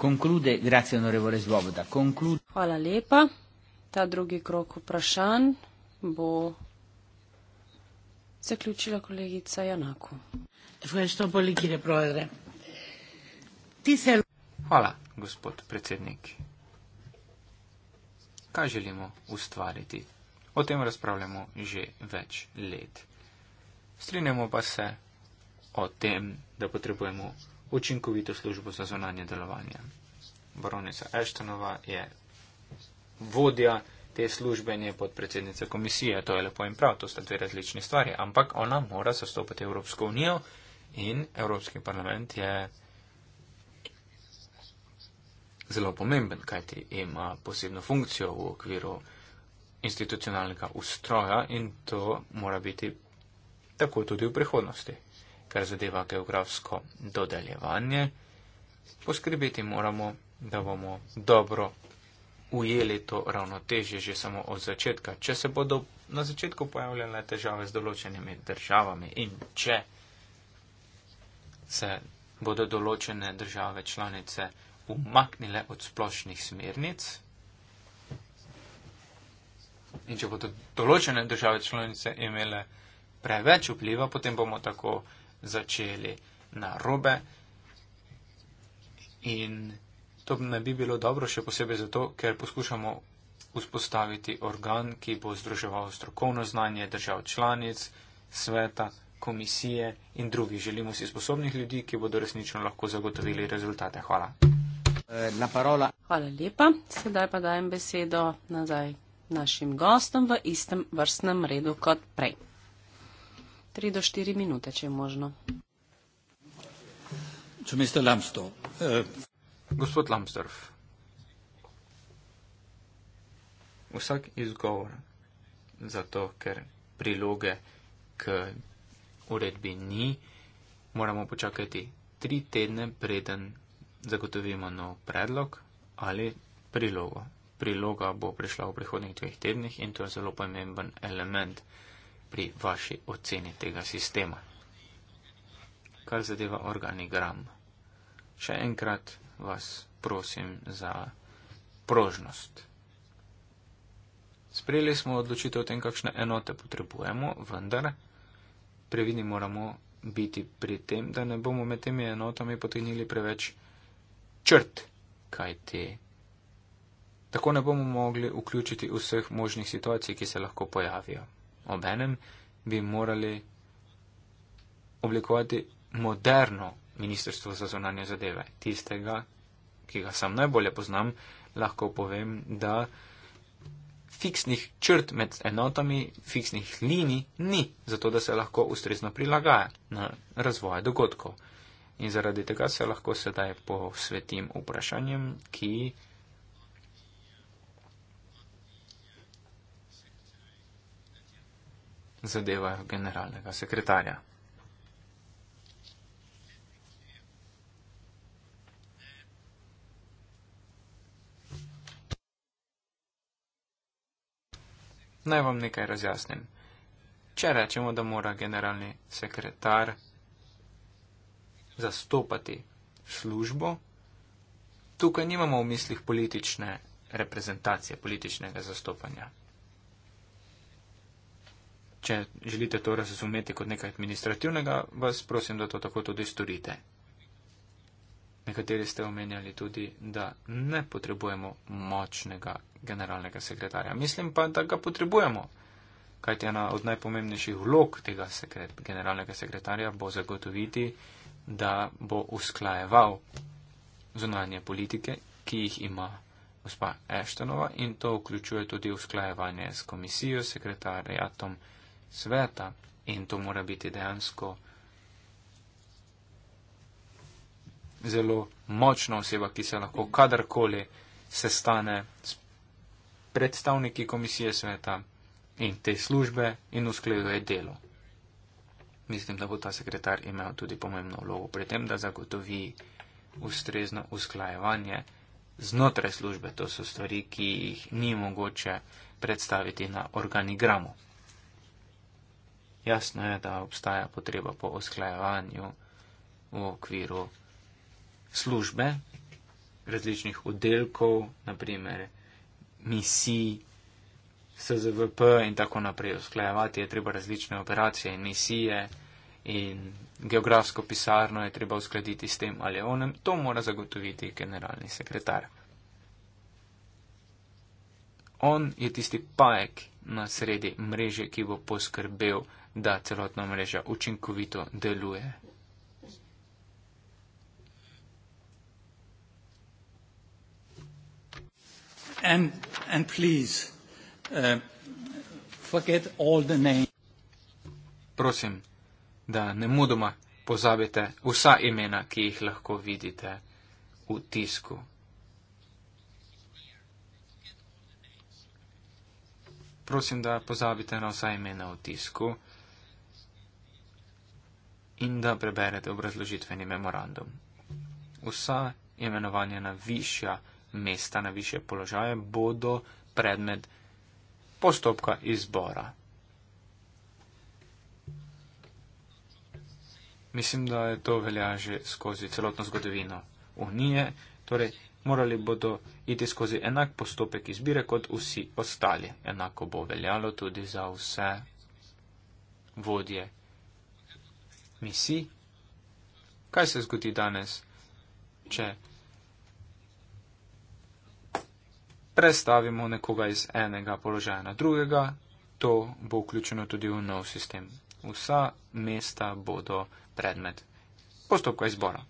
[SPEAKER 2] Konklude, grazie, onorevole Zvoboda. Konklude.
[SPEAKER 1] Hvala lepa. Ta drugi krok vprašanj bo zaključila kolegica Janaku. Fue esto por el quiere proveer. Ti se. Hvala,
[SPEAKER 4] gospod predsednik. Kaj želimo ustvariti? O tem razpravljamo že več let. Strinjamo pa se o tem, da potrebujemo učinkovito službo za zonanje delovanje. Baronica Eštonova je vodja te službe in je podpredsednica komisije. To je lepo in prav, to sta dve različni stvari, ampak ona mora zastopati Evropsko unijo in Evropski parlament je zelo pomemben, kajti ima posebno funkcijo v okviru institucionalnega ustroja in to mora biti tako tudi v prihodnosti. Kar zadeva geografsko dodeljevanje, poskrbeti moramo, da bomo dobro ujeli to ravnotežje že samo od začetka. Če se bodo na začetku pojavljale težave z določenimi državami in če se bodo določene države članice umaknile od splošnih smernic. In če bodo določene države članice imele preveč vpliva, potem bomo tako začeli na robe. In to ne bi bilo dobro, še posebej zato, ker poskušamo vzpostaviti organ, ki bo združeval strokovno znanje držav članic, sveta, komisije in drugih. Želimo si sposobnih ljudi, ki bodo resnično lahko zagotovili rezultate. Hvala. Hvala
[SPEAKER 1] lepa. Sedaj pa dajem besedo nazaj našim gostom v istem vrstnem redu kot prej. 3 do 4 minute, če je možno.
[SPEAKER 4] Če mister Lamstov. Eh, gospod Lamstorf. Vsak izgovor za to, ker priloge k uredbi ni, moramo počakati tri tedne preden zagotovimo nov predlog ali prilogo. Priloga bo prišla v prihodnih dveh tednih in to je zelo pomemben element pri vaši oceni tega sistema. Kar zadeva organigram. Še enkrat vas prosim za prožnost. Sprejeli smo odločitev o tem, kakšne enote potrebujemo, vendar previdni moramo biti pri tem, da ne bomo med temi enotami potegnili preveč črt, kaj ti. Tako ne bomo mogli vključiti vseh možnih situacij, ki se lahko pojavijo. Obenem bi morali oblikovati moderno ministrstvo za zunanje zadeve. Tistega, ki ga sam najbolje poznam, lahko povem, da fiksnih črt med enotami, fiksnih linij ni, zato da se lahko ustrezno prilagaja na razvoj dogodkov. In zaradi tega se lahko sedaj posvetim vprašanjem, ki zadevajo generalnega sekretarja. Naj vam nekaj razjasnim. Če rečemo, da mora generalni sekretar zastopati službo. Tukaj nimamo v mislih politične reprezentacije, političnega zastopanja. Če želite to razumeti kot nekaj administrativnega, vas prosim, da to tako tudi storite. Nekateri ste omenjali tudi, da ne potrebujemo močnega generalnega sekretarja. Mislim pa, da ga potrebujemo, kajti ena od najpomembnejših vlog tega sekret, generalnega sekretarja bo zagotoviti, da bo usklajeval zunanje politike, ki jih ima gospa Eštanova in to vključuje tudi usklajevanje s komisijo, sekretarjatom sveta in to mora biti dejansko zelo močna oseba, ki se lahko kadarkoli sestane s predstavniki komisije sveta in te službe in usklajuje delo mislim, da bo ta sekretar imel tudi pomembno vlogo pri tem, da zagotovi ustrezno usklajevanje znotraj službe. To so stvari, ki jih ni mogoče predstaviti na organigramu. Jasno je, da obstaja potreba po usklajevanju v okviru službe različnih oddelkov, naprimer misij, SZVP in tako naprej. Usklajevati je treba različne operacije in misije, in geografsko pisarno je treba uskladiti s tem ali onem, to mora zagotoviti generalni sekretar. On je tisti pajek na sredi mreže, ki bo poskrbel, da celotna mreža učinkovito deluje. And, and please, uh, Prosim, da ne mudoma pozabite vsa imena, ki jih lahko vidite v tisku. Prosim, da pozabite na vsa imena v tisku in da preberete obrazložitveni memorandum. Vsa imenovanja na višja mesta, na više položaje bodo predmet postopka izbora. Mislim, da je to velja že skozi celotno zgodovino Unije, torej morali bodo iti skozi enak postopek izbire kot vsi ostali. Enako bo veljalo tudi za vse vodje misij. Kaj se zgodi danes, če prestavimo nekoga iz enega položaja na drugega? To bo vključeno tudi v nov sistem. Vsa mesta bodo predmet postopka izbora.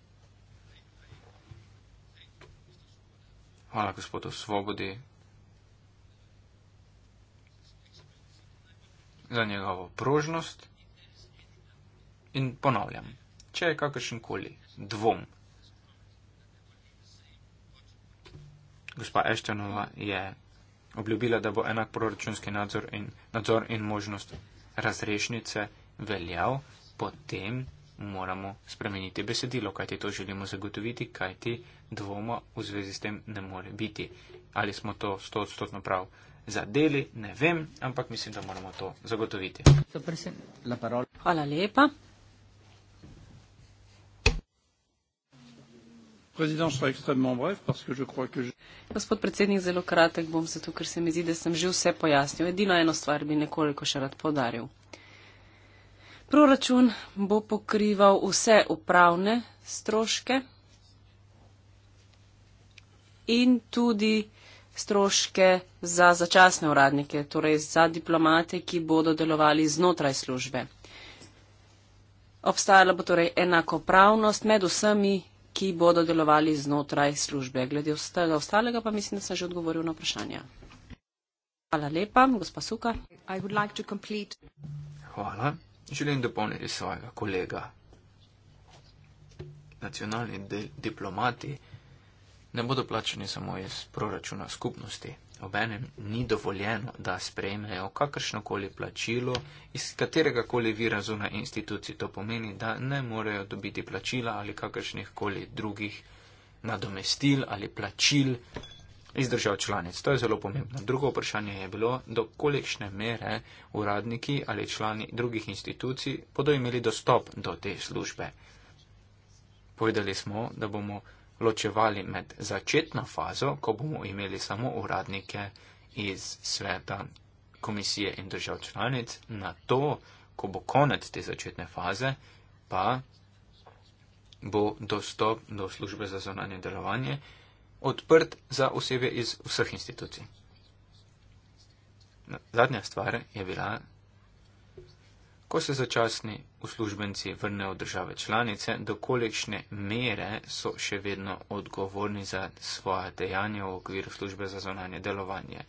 [SPEAKER 4] Hvala, gospod, o svobodi za njegovo prožnost in ponavljam, če je kakršenkoli dvom. Gospa Eštenova je obljubila, da bo enak proračunski nadzor in, nadzor in možnost razrešnice veljal potem, moramo spremeniti besedilo, kajti to želimo zagotoviti, kajti dvoma v zvezi s tem ne more biti. Ali smo to sto odstotno prav zadeli, ne vem, ampak mislim, da moramo to zagotoviti.
[SPEAKER 1] Hvala lepa. Gospod predsednik, zelo kratek bom se tu, ker se mi zdi, da sem že vse pojasnil. Edino eno stvar bi nekoliko še rad podaril. Proračun bo pokrival vse upravne stroške in tudi stroške za začasne uradnike, torej za diplomate, ki bodo delovali znotraj službe. Obstajala bo torej enakopravnost med vsemi, ki bodo delovali znotraj službe. Glede vstega, ostalega pa mislim, da sem že odgovoril na vprašanja. Hvala lepa, gospa Suka.
[SPEAKER 4] Hvala želim dopolniti svojega kolega. Nacionalni de diplomati ne bodo plačeni samo iz proračuna skupnosti. Obenem ni dovoljeno, da sprejmejo kakršnokoli plačilo iz katerega koli vira zuna institucij. To pomeni, da ne morejo dobiti plačila ali kakršnih koli drugih nadomestil ali plačil iz držav članic. To je zelo pomembno. Drugo vprašanje je bilo, do kolikšne mere uradniki ali člani drugih institucij bodo imeli dostop do te službe. Povedali smo, da bomo ločevali med začetno fazo, ko bomo imeli samo uradnike iz sveta komisije in držav članic, na to, ko bo konec te začetne faze, pa bo dostop do službe za zonanje delovanje odprt za osebe iz vseh institucij. Zadnja stvar je bila, ko se začasni uslužbenci vrnejo v države članice, do kolikšne mere so še vedno odgovorni za svoje dejanja v okviru službe za zvonanje delovanje.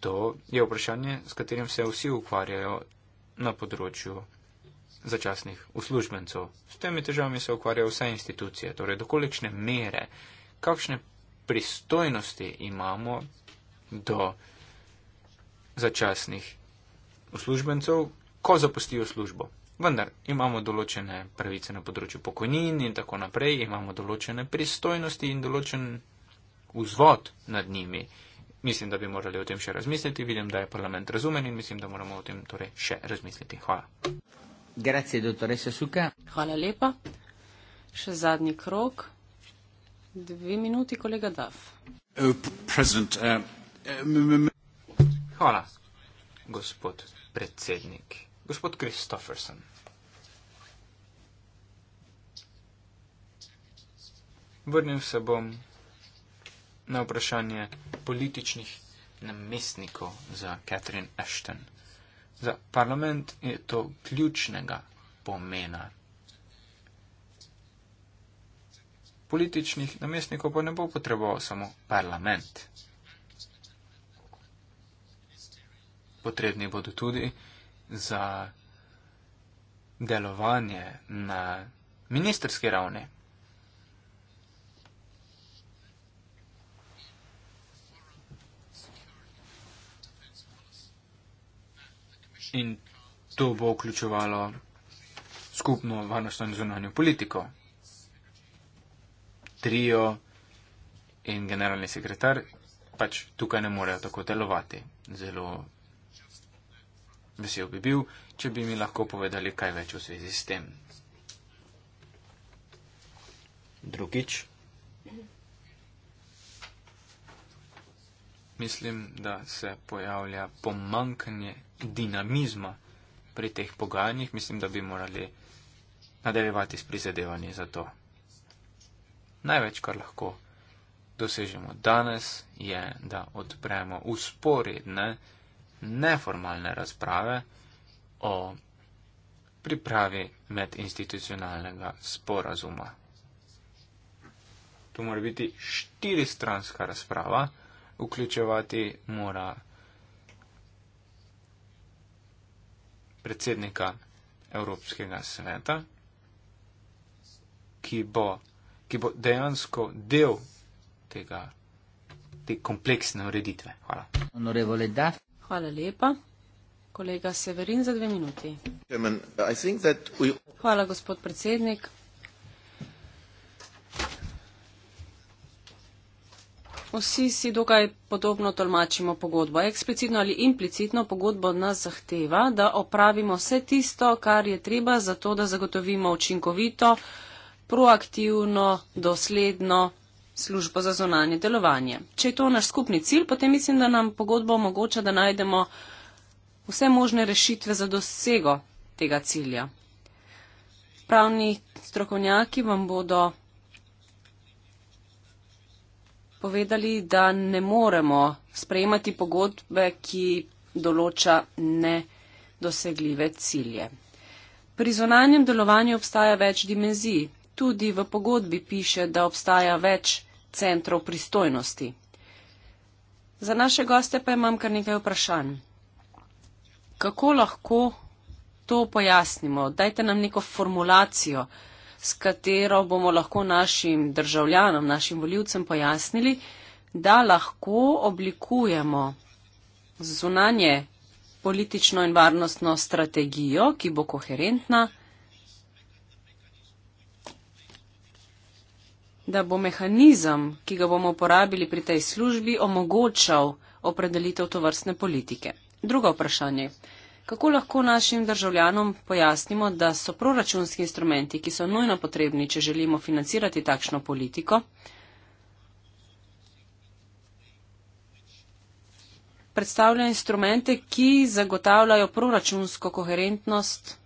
[SPEAKER 4] To je vprašanje, s katerim se vsi ukvarjajo na področju začasnih uslužbencov. S temi težavami se ukvarjajo vse institucije, torej do kolikšne mere, kakšne pristojnosti imamo do začasnih uslužbencev, ko zapustijo službo. Vendar imamo določene pravice na področju pokojnin in tako naprej, imamo določene pristojnosti in določen vzvod nad njimi. Mislim, da bi morali o tem še razmisliti. Vidim, da je parlament razumen in mislim, da moramo o tem torej še razmisliti. Hvala.
[SPEAKER 2] Grazie,
[SPEAKER 1] Hvala lepa. Še zadnji krok. Uh,
[SPEAKER 3] uh, Hvala,
[SPEAKER 4] gospod predsednik. Gospod Kristofferson. Vrnil se bom na vprašanje političnih namestnikov za Catherine Ashton. Za parlament je to ključnega pomena, političnih namestnikov pa ne bo potreboval samo parlament. Potrebni bodo tudi za delovanje na ministerski ravni. In to bo vključevalo skupno varnostno in zunanjo politiko trio in generalni sekretar pač tukaj ne morejo tako delovati. Zelo vesel bi bil, če bi mi lahko povedali kaj več v zvezi s tem. Drugič. Mislim, da se pojavlja pomankanje dinamizma pri teh pogajanjih. Mislim, da bi morali nadaljevati s prizadevanji za to največ, kar lahko dosežemo danes, je, da odpremo usporedne, neformalne razprave o pripravi medinstitucionalnega sporazuma. To mora biti štiristranska razprava, vključevati mora predsednika Evropskega sveta, ki bo ki bo dejansko del tega, te kompleksne ureditve. Hvala.
[SPEAKER 1] Hvala lepa. Kolega Severin za dve minuti. Hvala, gospod predsednik. Vsi si dokaj podobno tolmačimo pogodbo. Eksplicitno ali implicitno pogodbo nas zahteva, da opravimo vse tisto, kar je treba, zato da zagotovimo učinkovito proaktivno, dosledno službo za zonanje delovanje. Če je to naš skupni cilj, potem mislim, da nam pogodba omogoča, da najdemo vse možne rešitve za dosego tega cilja. Pravni strokovnjaki vam bodo povedali, da ne moremo sprejemati pogodbe, ki določa nedosegljive cilje. Pri zonanjem delovanju obstaja več dimenzij. Tudi v pogodbi piše, da obstaja več centrov pristojnosti. Za naše goste pa imam kar nekaj vprašanj. Kako lahko to pojasnimo? Dajte nam neko formulacijo, s katero bomo lahko našim državljanom, našim voljivcem pojasnili, da lahko oblikujemo zunanje politično in varnostno strategijo, ki bo koherentna. da bo mehanizem, ki ga bomo uporabili pri tej službi, omogočal opredelitev tovrstne politike. Drugo vprašanje. Kako lahko našim državljanom pojasnimo, da so proračunski instrumenti, ki so nujno potrebni, če želimo financirati takšno politiko, predstavljajo instrumente, ki zagotavljajo proračunsko koherentnost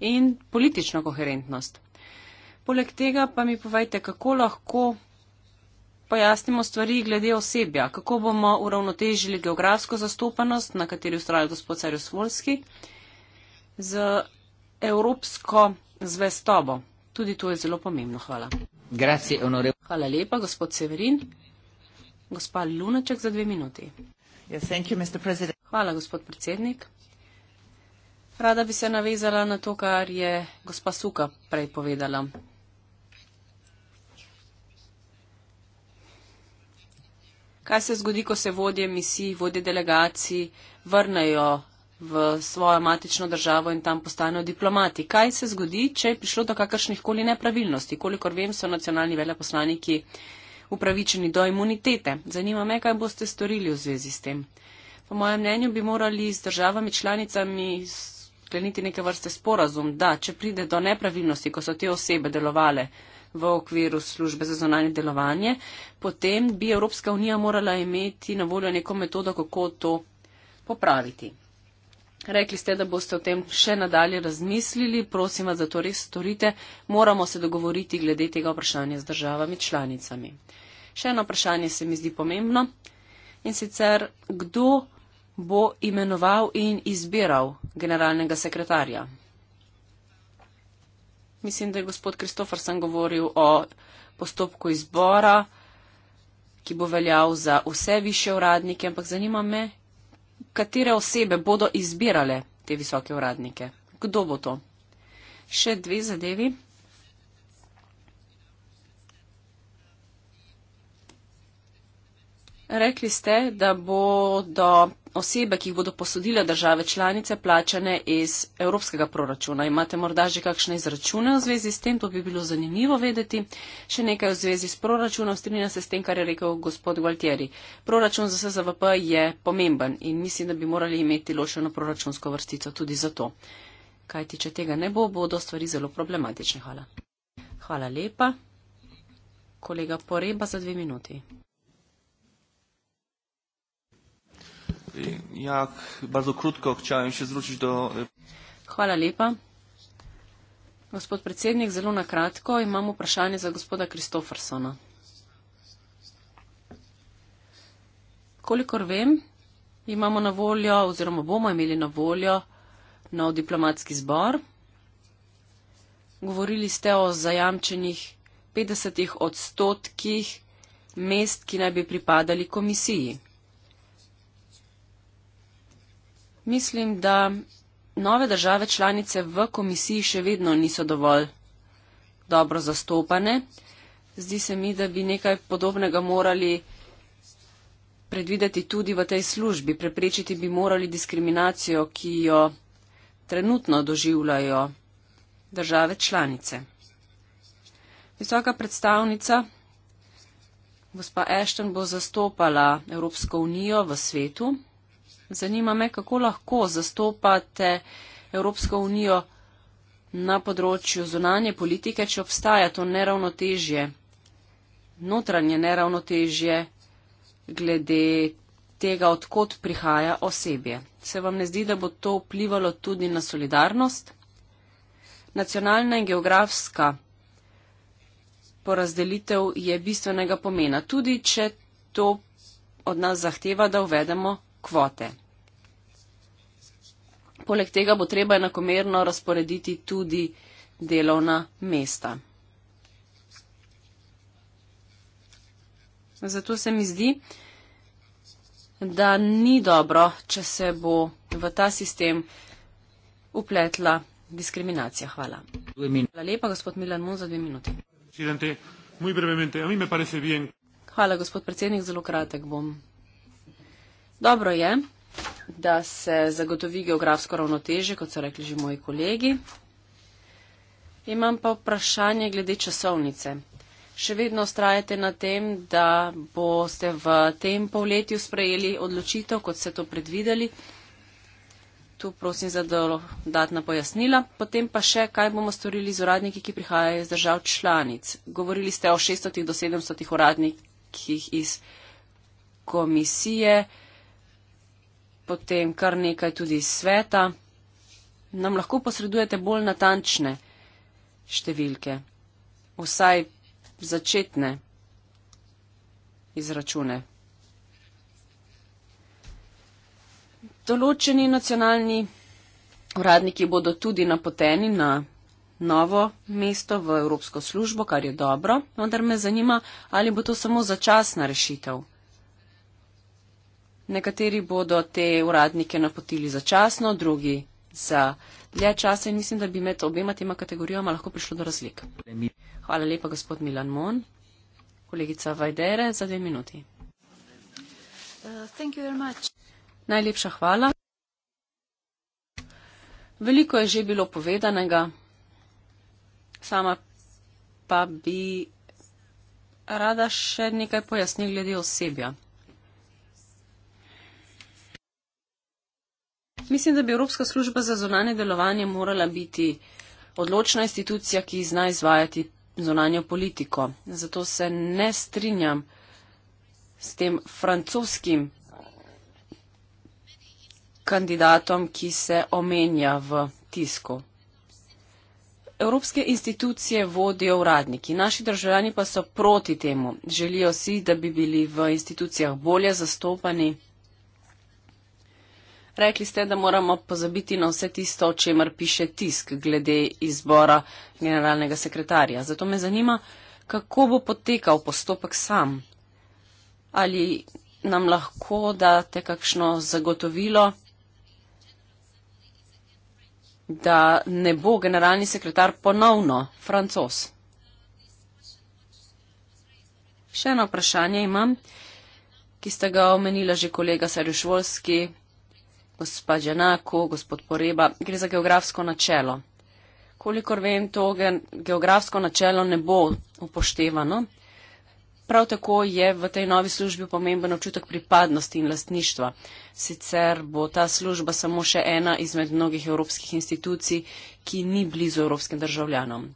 [SPEAKER 1] in politično koherentnost. Poleg tega pa mi povejte, kako lahko pojasnimo stvari glede osebja, kako bomo uravnotežili geografsko zastopanost, na kateri ustraja gospod Sarjus Volski, z evropsko zvestobo. Tudi to je zelo pomembno. Hvala. Grazie, Hvala lepa, gospod Severin. Gospa Lunaček za dve minuti. Yes, you, Hvala, gospod predsednik. Rada bi se navezala na to, kar je gospa Suka prej povedala. Kaj se zgodi, ko se vodje misij, vodje delegacij vrnejo v svojo matično državo in tam postanejo diplomati? Kaj se zgodi, če je prišlo do kakršnih koli nepravilnosti? Kolikor vem, so nacionalni veleposlaniki upravičeni do imunitete. Zanima me, kaj boste storili v zvezi s tem. Po mojem mnenju bi morali z državami članicami skleniti neke vrste sporazum, da če pride do nepravilnosti, ko so te osebe delovale v okviru službe za zonanje delovanje, potem bi Evropska unija morala imeti na voljo neko metodo, kako to popraviti. Rekli ste, da boste o tem še nadalje razmislili, prosim vas, da to res storite, moramo se dogovoriti glede tega vprašanja z državami članicami. Še eno vprašanje se mi zdi pomembno in sicer, kdo bo imenoval in izbiral generalnega sekretarja. Mislim, da je gospod Kristofer sem govoril o postopku izbora, ki bo veljal za vse više uradnike, ampak zanima me, katere osebe bodo izbirale te visoke uradnike. Kdo bo to? Še dve zadevi. Rekli ste, da bodo osebe, ki jih bodo posodile države članice, plačane iz evropskega proračuna. Imate morda že kakšne izračune v zvezi s tem, to bi bilo zanimivo vedeti. Še nekaj v zvezi s proračunom, strinja se s tem, kar je rekel gospod Gualtieri. Proračun za SZVP je pomemben in mislim, da bi morali imeti ločeno proračunsko vrstico tudi za to. Kaj ti, če tega ne bo, bodo stvari zelo problematične. Hvala. Hvala lepa. Kolega Poreba za dve minuti. jak bardzo krótko chciałem się zwrócić do. Hvala lepa. Gospod predsednik, zelo na kratko imam vprašanje za gospoda Kristofersona. Kolikor vem, imamo na voljo oziroma bomo imeli na voljo nov diplomatski zbor. Govorili ste o zajamčenih 50 odstotkih mest, ki naj bi pripadali komisiji. mislim, da nove države članice v komisiji še vedno niso dovolj dobro zastopane. Zdi se mi, da bi nekaj podobnega morali predvideti tudi v tej službi. Preprečiti bi morali diskriminacijo, ki jo trenutno doživljajo države članice. Visoka predstavnica, gospa Ashton, bo zastopala Evropsko unijo v svetu. Zanima me, kako lahko zastopate Evropsko unijo na področju zunanje politike, če obstaja to neravnotežje, notranje neravnotežje glede tega, odkot prihaja osebje. Se vam ne zdi, da bo to vplivalo tudi na solidarnost? Nacionalna in geografska porazdelitev je bistvenega pomena, tudi če to od nas zahteva, da uvedemo kvote. Poleg tega bo treba enakomerno razporediti tudi delovna mesta. Zato se mi zdi, da ni dobro, če se bo v ta sistem upletla diskriminacija. Hvala. Hvala lepa, gospod Milan Mun, za dve minuti. Hvala, gospod predsednik, zelo kratek bom. Dobro je, da se zagotovi geografsko ravnoteže, kot so rekli že moji kolegi. Imam pa vprašanje glede časovnice. Še vedno ustrajate na tem, da boste v tem polletju sprejeli odločitev, kot ste to predvideli. Tu prosim za dodatna pojasnila. Potem pa še, kaj bomo storili z uradniki, ki prihajajo iz držav članic. Govorili ste o 600 do 700 uradnikih iz komisije potem kar nekaj tudi sveta, nam lahko posredujete bolj natančne številke, vsaj začetne izračune. Določeni nacionalni uradniki bodo tudi napoteni na novo mesto v Evropsko službo, kar je dobro, vendar me zanima, ali bo to samo začasna rešitev. Nekateri bodo te uradnike napotili začasno, drugi za dlje časa in mislim, da bi med obema tema kategorijama lahko prišlo do razlik. Hvala lepa, gospod Milan Mon. Kolegica Vajdere za dve minuti. Uh, Najlepša hvala. Veliko je že bilo povedanega, sama pa bi rada še nekaj pojasnil glede osebja. Mislim, da bi Evropska služba za zonanje delovanje morala biti odločna institucija, ki zna izvajati zonanje politiko. Zato se ne strinjam s tem francoskim kandidatom, ki se omenja v tisku. Evropske institucije vodijo uradniki, naši državljani pa so proti temu. Želijo si, da bi bili v institucijah bolje zastopani. Rekli ste, da moramo pozabiti na vse tisto, o čemer piše tisk glede izbora generalnega sekretarja. Zato me zanima, kako bo potekal postopek sam. Ali nam lahko date kakšno zagotovilo, da ne bo generalni sekretar ponovno francos? Še eno vprašanje imam, ki ste ga omenila že kolega Sarjuš Volski gospa Đenako, gospod Poreba, gre za geografsko načelo. Kolikor vem, to geografsko načelo ne bo upoštevano. Prav tako je v tej novi službi pomemben občutek pripadnosti in lastništva. Sicer bo ta služba samo še ena izmed mnogih evropskih institucij, ki ni blizu evropskim državljanom.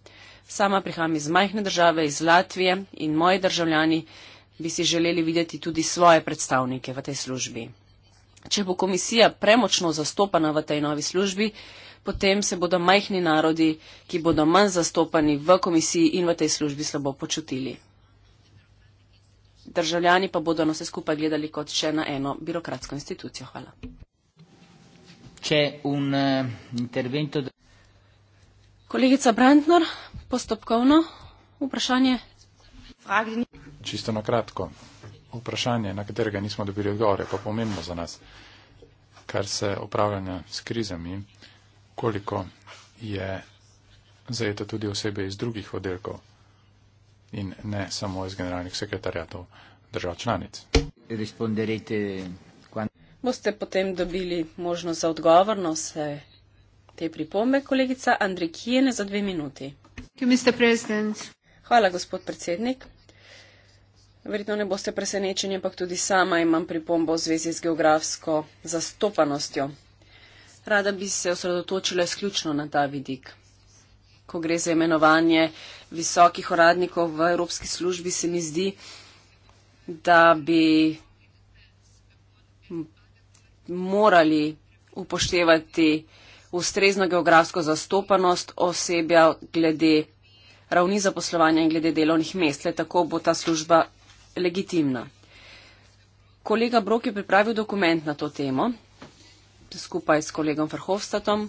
[SPEAKER 1] Sama prihajam iz majhne države, iz Latvije in moji državljani bi si želeli videti tudi svoje predstavnike v tej službi če bo komisija premočno zastopana v tej novi službi, potem se bodo majhni narodi, ki bodo manj zastopani v komisiji in v tej službi, slabo počutili. Državljani pa bodo na vse skupaj gledali kot še na eno birokratsko institucijo. Hvala.
[SPEAKER 2] Eh,
[SPEAKER 1] Kolegica Brandner, postopkovno vprašanje.
[SPEAKER 3] Čisto na kratko vprašanje, na katerega nismo dobili odgovore, pa pomembno za nas, kar se upravljanja s krizami, koliko je zajeto tudi osebe iz drugih oddelkov in ne samo iz generalnih sekretarjatov držav članic.
[SPEAKER 1] Boste potem dobili možnost za odgovor na vse te pripombe, kolegica Andrej Kijene, za dve minuti. Hvala, gospod predsednik. Verjetno ne boste presenečeni, ampak tudi sama imam pripombo v zvezi z geografsko zastopanostjo. Rada bi se osredotočila izključno na ta vidik. Ko gre za imenovanje visokih uradnikov v Evropski službi, se mi zdi, da bi morali upoštevati ustrezno geografsko zastopanost osebja glede ravni zaposlovanja in glede delovnih mest. Le tako bo ta služba legitimna. Kolega Brok je pripravil dokument na to temo skupaj s kolegom Verhofstadom.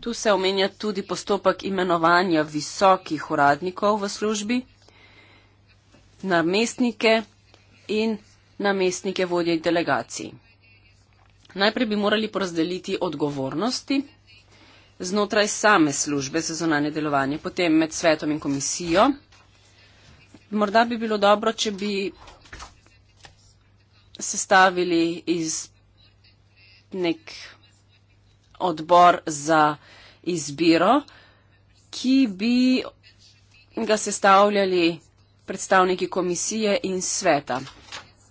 [SPEAKER 1] Tu se omenja tudi postopek imenovanja visokih uradnikov v službi, namestnike in namestnike vodje delegacij. Najprej bi morali porazdeliti odgovornosti znotraj same službe za zonanje delovanje, potem med svetom in komisijo morda bi bilo dobro, če bi sestavili iz nek odbor za izbiro, ki bi ga sestavljali predstavniki komisije in sveta.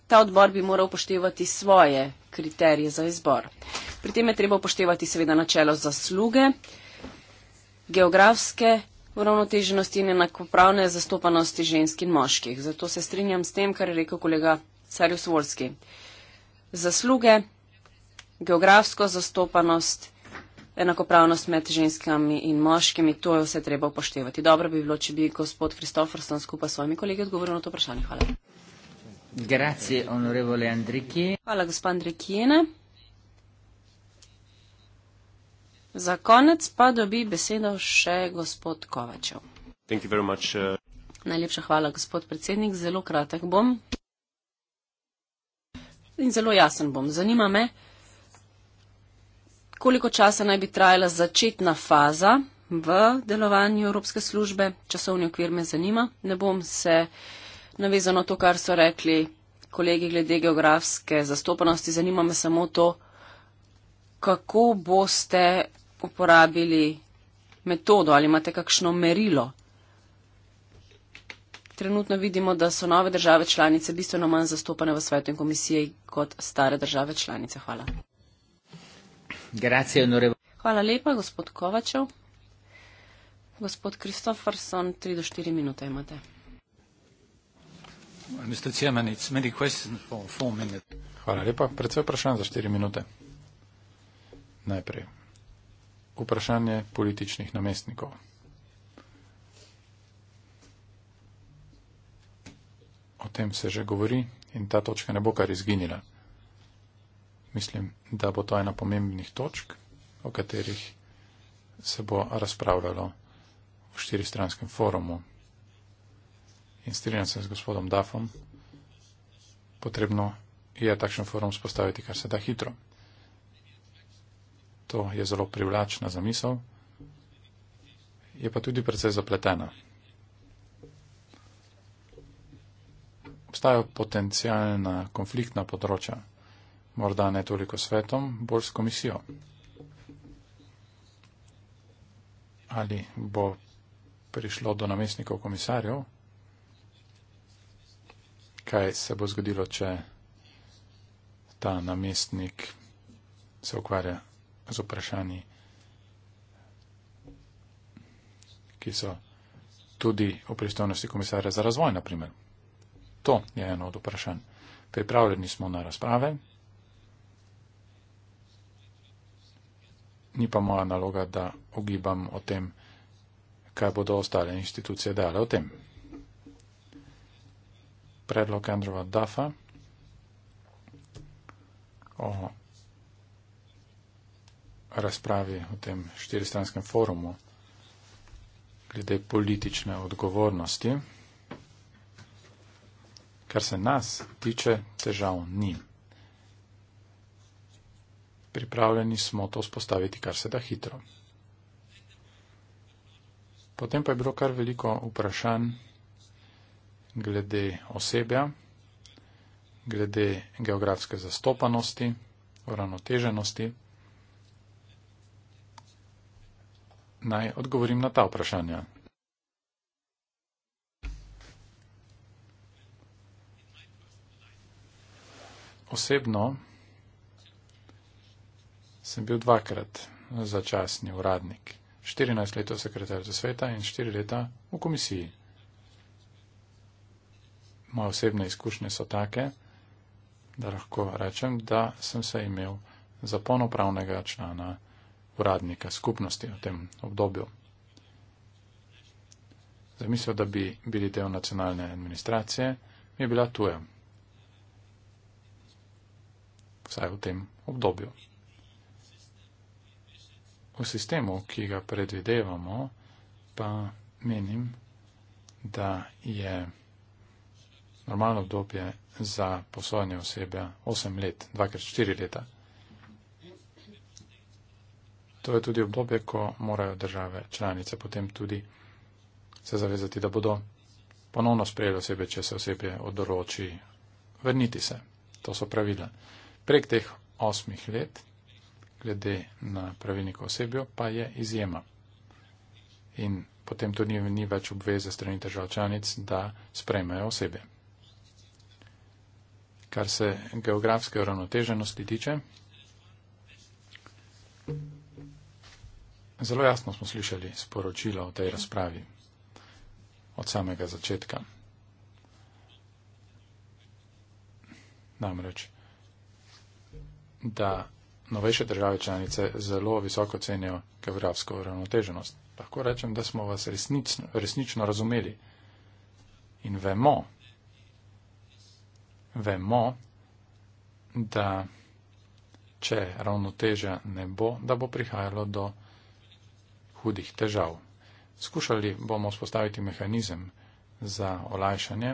[SPEAKER 1] Ta odbor bi moral upoštevati svoje kriterije za izbor. Pri tem je treba upoštevati seveda načelo zasluge, geografske uravnoteženosti in enakopravne zastopanosti žensk in moških. Zato se strinjam s tem, kar je rekel kolega Carjus Volski. Zasluge, geografsko zastopanost, enakopravnost med ženskami in moškimi, to je vse treba upoštevati. Dobro bi bilo, če bi gospod Kristoferson skupaj s svojimi kolegi odgovoril na to vprašanje. Hvala.
[SPEAKER 2] Grazie,
[SPEAKER 1] Hvala, gospod Andrikine. Za konec pa dobi besedo še gospod Kovačev. Much, uh... Najlepša hvala, gospod predsednik. Zelo kratek bom in zelo jasen bom. Zanima me, koliko časa naj bi trajala začetna faza v delovanju Evropske službe. Časovni okvir me zanima. Ne bom se navezano to, kar so rekli kolegi glede geografske zastopanosti. Zanima me samo to, kako boste uporabili metodo ali imate kakšno merilo? Trenutno vidimo, da so nove države članice bistveno manj zastopane v svetu in komisiji kot stare države članice. Hvala. Grazie, Hvala lepa, gospod Kovačev. Gospod Kristoferson, 3 do 4 minute imate.
[SPEAKER 3] Hvala lepa, predvsej vprašanje za 4 minute. Najprej vprašanje političnih namestnikov. O tem se že govori in ta točka ne bo kar izginila. Mislim, da bo to ena pomembnih točk, o katerih se bo razpravljalo v štiristranskem forumu. In strinjam se z gospodom Dafom, potrebno je takšen forum spostaviti kar se da hitro. To je zelo privlačna zamisel, je pa tudi precej zapletena. Obstajajo potencijalna konfliktna področja, morda ne toliko svetom, bolj s komisijo. Ali bo prišlo do namestnikov komisarjev, kaj se bo zgodilo, če ta namestnik se ukvarja z vprašanji, ki so tudi v pristojnosti komisarja za razvoj, naprimer. To je eno od vprašanj. Pripravljeni smo na razprave. Ni pa moja naloga, da ogibam o tem, kaj bodo ostale institucije dale o tem. Predlog Androva Dafa o razpravi v tem štiristranskem forumu glede politične odgovornosti. Kar se nas tiče, težav ni. Pripravljeni smo to spostaviti kar se da hitro. Potem pa je bilo kar veliko vprašanj glede osebja, glede geografske zastopanosti, uravnoteženosti. naj odgovorim na ta vprašanja. Osebno sem bil dvakrat začasni uradnik, 14 let v sekretarju sveta in 4 leta v komisiji. Moje osebne izkušnje so take, da lahko rečem, da sem se imel za polnopravnega člana komisije uradnika skupnosti v tem obdobju. Zamisel, da bi bili del nacionalne administracije, mi je bila tuja. Vsaj v tem obdobju. V sistemu, ki ga predvidevamo, pa menim, da je normalno obdobje za posojanje osebe 8 let, 2 krat 4 leta. To je tudi obdobje, ko morajo države članice potem tudi se zavezati, da bodo ponovno sprejeli osebe, če se osebje odroči vrniti se. To so pravila. Prek teh osmih let, glede na pravilnik osebjo, pa je izjema. In potem tudi ni več obveze strani držav članic, da sprejmejo osebe. Kar se geografske uravnoteženosti tiče. thank you Zelo jasno smo slišali sporočilo o tej razpravi od samega začetka. Namreč, da novejše države članice zelo visoko cenijo geografsko uravnoteženost. Lahko rečem, da smo vas resnično, resnično razumeli in vemo, vemo, da če ravnoteža ne bo, da bo prihajalo do hudih težav. Skušali bomo spostaviti mehanizem za olajšanje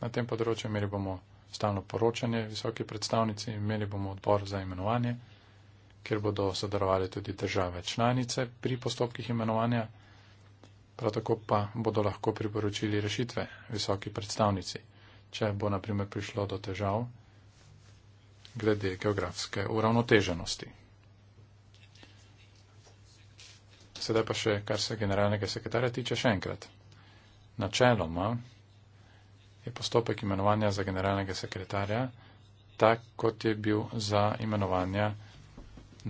[SPEAKER 3] na tem področju, imeli bomo stalno poročanje visoki predstavnici, imeli bomo odbor za imenovanje, kjer bodo sodelovali tudi države članice pri postopkih imenovanja, prav tako pa bodo lahko priporočili rešitve visoki predstavnici, če bo naprimer prišlo do težav glede geografske uravnoteženosti. Sedaj pa še, kar se generalnega sekretarja tiče, še enkrat. Načeloma je postopek imenovanja za generalnega sekretarja tak, kot je bil za imenovanja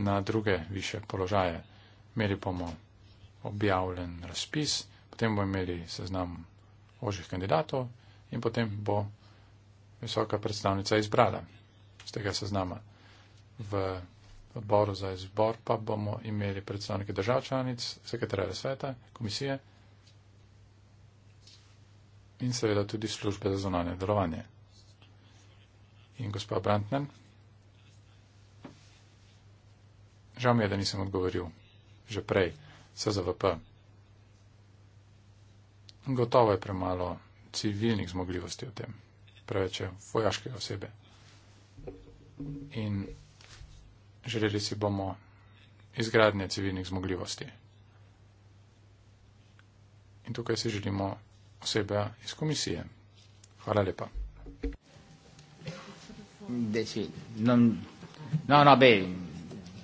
[SPEAKER 3] na druge više položaje. Imeli bomo objavljen razpis, potem bomo imeli seznam ožih kandidatov in potem bo visoka predstavnica izbrala z tega seznama. V odboru za izbor, pa bomo imeli predstavnike držav članic, sekretarja sveta, komisije in seveda tudi službe za zonanje delovanje. In gospod Brantnen, žal mi je, da nisem odgovoril že prej, SZVP. Gotovo je premalo civilnih zmogljivosti o tem, preveč je vojaškega osebe. In želeli si bomo izgradnje civilnih zmogljivosti. In tukaj si želimo osebe iz komisije. Hvala lepa.
[SPEAKER 2] No, no, beh,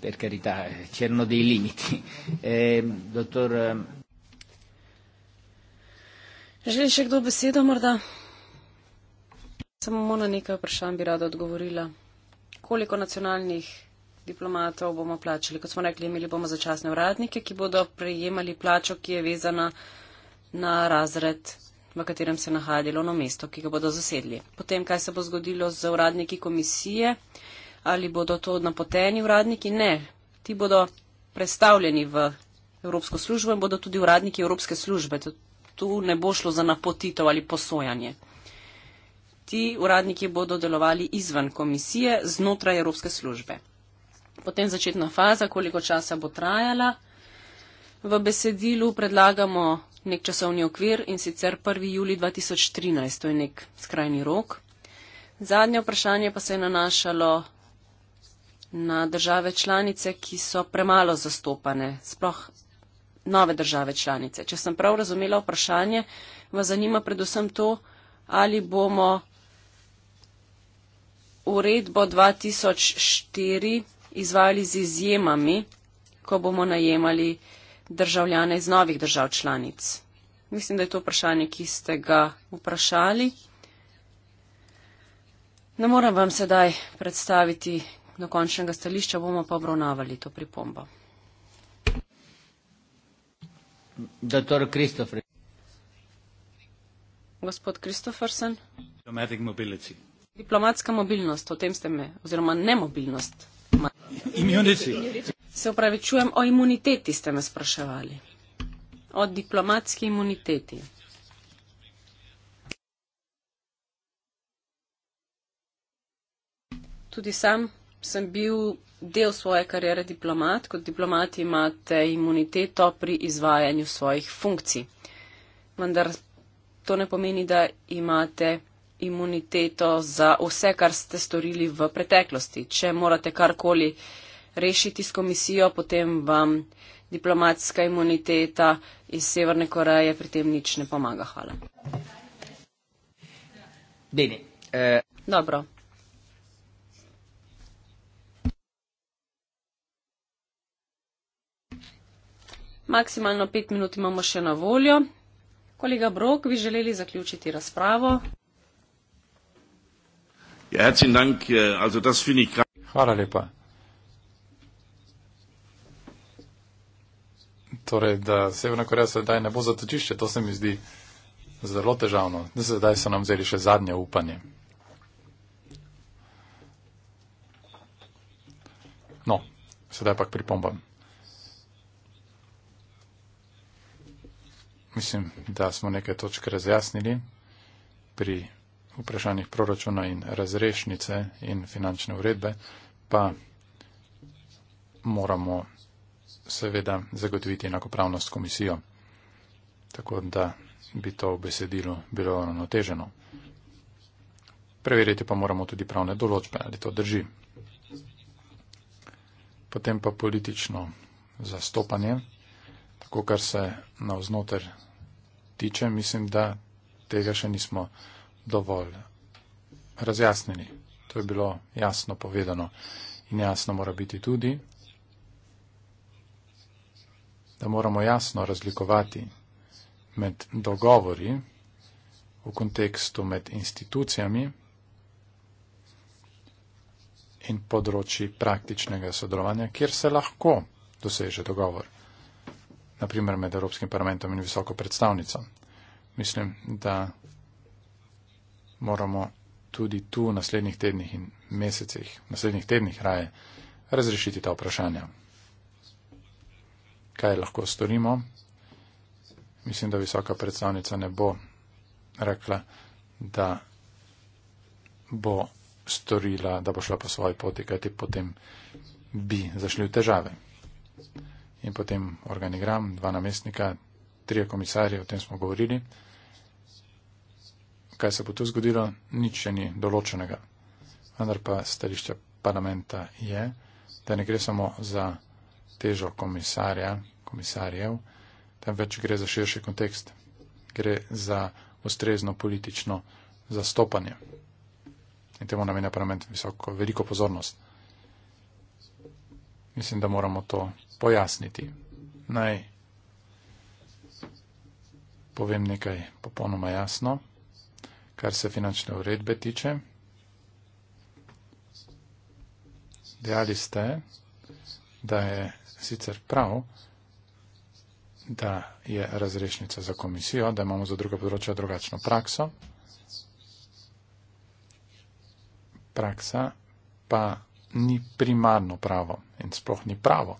[SPEAKER 2] per carità, c'erano dei limiti. Eh, dottor... Ehm,
[SPEAKER 1] Želi še kdo besedo morda? Samo na nekaj vprašanj bi rada odgovorila. Koliko nacionalnih diplomatov bomo plačali. Kot smo rekli, imeli bomo začasne uradnike, ki bodo prejemali plačo, ki je vezana na razred, v katerem se nahaja delovno mesto, ki ga bodo zasedli. Potem, kaj se bo zgodilo z uradniki komisije, ali bodo to napoteni uradniki? Ne, ti bodo predstavljeni v Evropsko službo in bodo tudi uradniki Evropske službe. Tu ne bo šlo za napotitev ali posojanje. Ti uradniki bodo delovali izven komisije, znotraj Evropske službe potem začetna faza, koliko časa bo trajala. V besedilu predlagamo nek časovni okvir in sicer 1. juli 2013, to je nek skrajni rok. Zadnje vprašanje pa se je nanašalo na države članice, ki so premalo zastopane, sploh nove države članice. Če sem prav razumela vprašanje, vas zanima predvsem to, ali bomo uredbo 2004 izvajali z izjemami, ko bomo najemali državljane iz novih držav članic? Mislim, da je to vprašanje, ki ste ga vprašali. Ne morem vam sedaj predstaviti dokončnega stališča, bomo pa obravnavali to pripombo.
[SPEAKER 2] Doktor Kristofer.
[SPEAKER 1] Gospod Kristofersen. Diplomatska mobilnost, o tem ste me, oziroma nemobilnost,
[SPEAKER 3] Immunity.
[SPEAKER 1] Se upravičujem, o imuniteti ste me spraševali. O diplomatski imuniteti. Tudi sam sem bil del svoje kariere diplomat. Kot diplomat imate imuniteto pri izvajanju svojih funkcij. Vendar to ne pomeni, da imate imuniteto za vse, kar ste storili v preteklosti. Če morate karkoli rešiti s komisijo, potem vam diplomatska imuniteta iz Severne Koreje pri tem nič ne pomaga. Hvala.
[SPEAKER 2] Bene, eh.
[SPEAKER 1] Dobro. Maksimalno pet minut imamo še na voljo. Kolega Brok, bi želeli zaključiti razpravo?
[SPEAKER 3] Ja, herzlichen Dank. Ja, also das finde ich gerade. Hvala lepa. Torej, da Severna Koreja sedaj ne bo zatočišče, to se mi zdi zelo težavno. Sedaj so nam vzeli še zadnje upanje. No, sedaj pa pripombam. Mislim, da smo nekaj točk razjasnili pri vprašanjih proračuna in razrešnice in finančne uredbe, pa moramo seveda zagotoviti enakopravnost komisijo, tako da bi to v besedilu bilo ravnoteženo. Preveriti pa moramo tudi pravne določbe, ali to drži. Potem pa politično zastopanje, tako kar se navznoter tiče, mislim, da tega še nismo dovolj razjasneni. To je bilo jasno povedano in jasno mora biti tudi, da moramo jasno razlikovati med dogovori v kontekstu med institucijami in področji praktičnega sodelovanja, kjer se lahko doseže dogovor, naprimer med Evropskim parlamentom in visoko predstavnico. Mislim, da moramo tudi tu v naslednjih tednih in mesecih, v naslednjih tednih raje, razrešiti ta vprašanja. Kaj lahko storimo? Mislim, da visoka predstavnica ne bo rekla, da bo storila, da bo šla po svoji poti, kajti potem bi zašli v težave. In potem organigram, dva namestnika, trije komisarje, o tem smo govorili kaj se bo tu zgodilo, nič še ni določenega. Vendar pa stališče parlamenta je, da ne gre samo za težo komisarja, komisarjev, temveč gre za širši kontekst. Gre za ustrezno politično zastopanje. In temu namenja parlament visoko, veliko pozornost. Mislim, da moramo to pojasniti. Naj povem nekaj popolnoma jasno kar se finančne uredbe tiče. Dejali ste, da je sicer prav, da je razrešnica za komisijo, da imamo za druga področja drugačno prakso. Praksa pa ni primarno pravo in sploh ni pravo.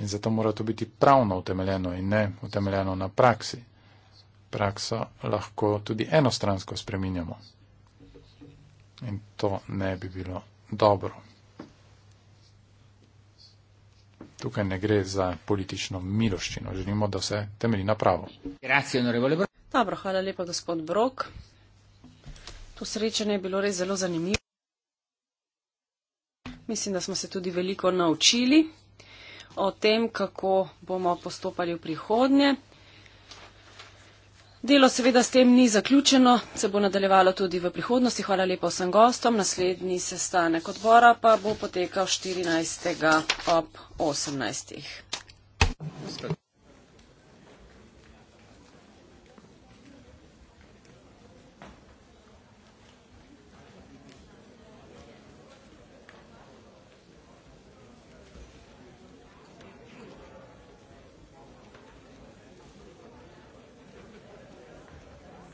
[SPEAKER 3] In zato mora to biti pravno utemeljeno in ne utemeljeno na praksi prakso lahko tudi enostransko spreminjamo. In to ne bi bilo dobro. Tukaj ne gre za politično miloščino, želimo, da se temelji na pravo.
[SPEAKER 1] Dobro, hvala lepa, gospod Brok. To srečanje je bilo res zelo zanimivo. Mislim, da smo se tudi veliko naučili o tem, kako bomo postopali v prihodnje. Delo seveda s tem ni zaključeno, se bo nadaljevalo tudi v prihodnosti. Hvala lepa vsem gostom. Naslednji sestanek odbora pa bo potekal 14. ob 18.
[SPEAKER 3] Spet.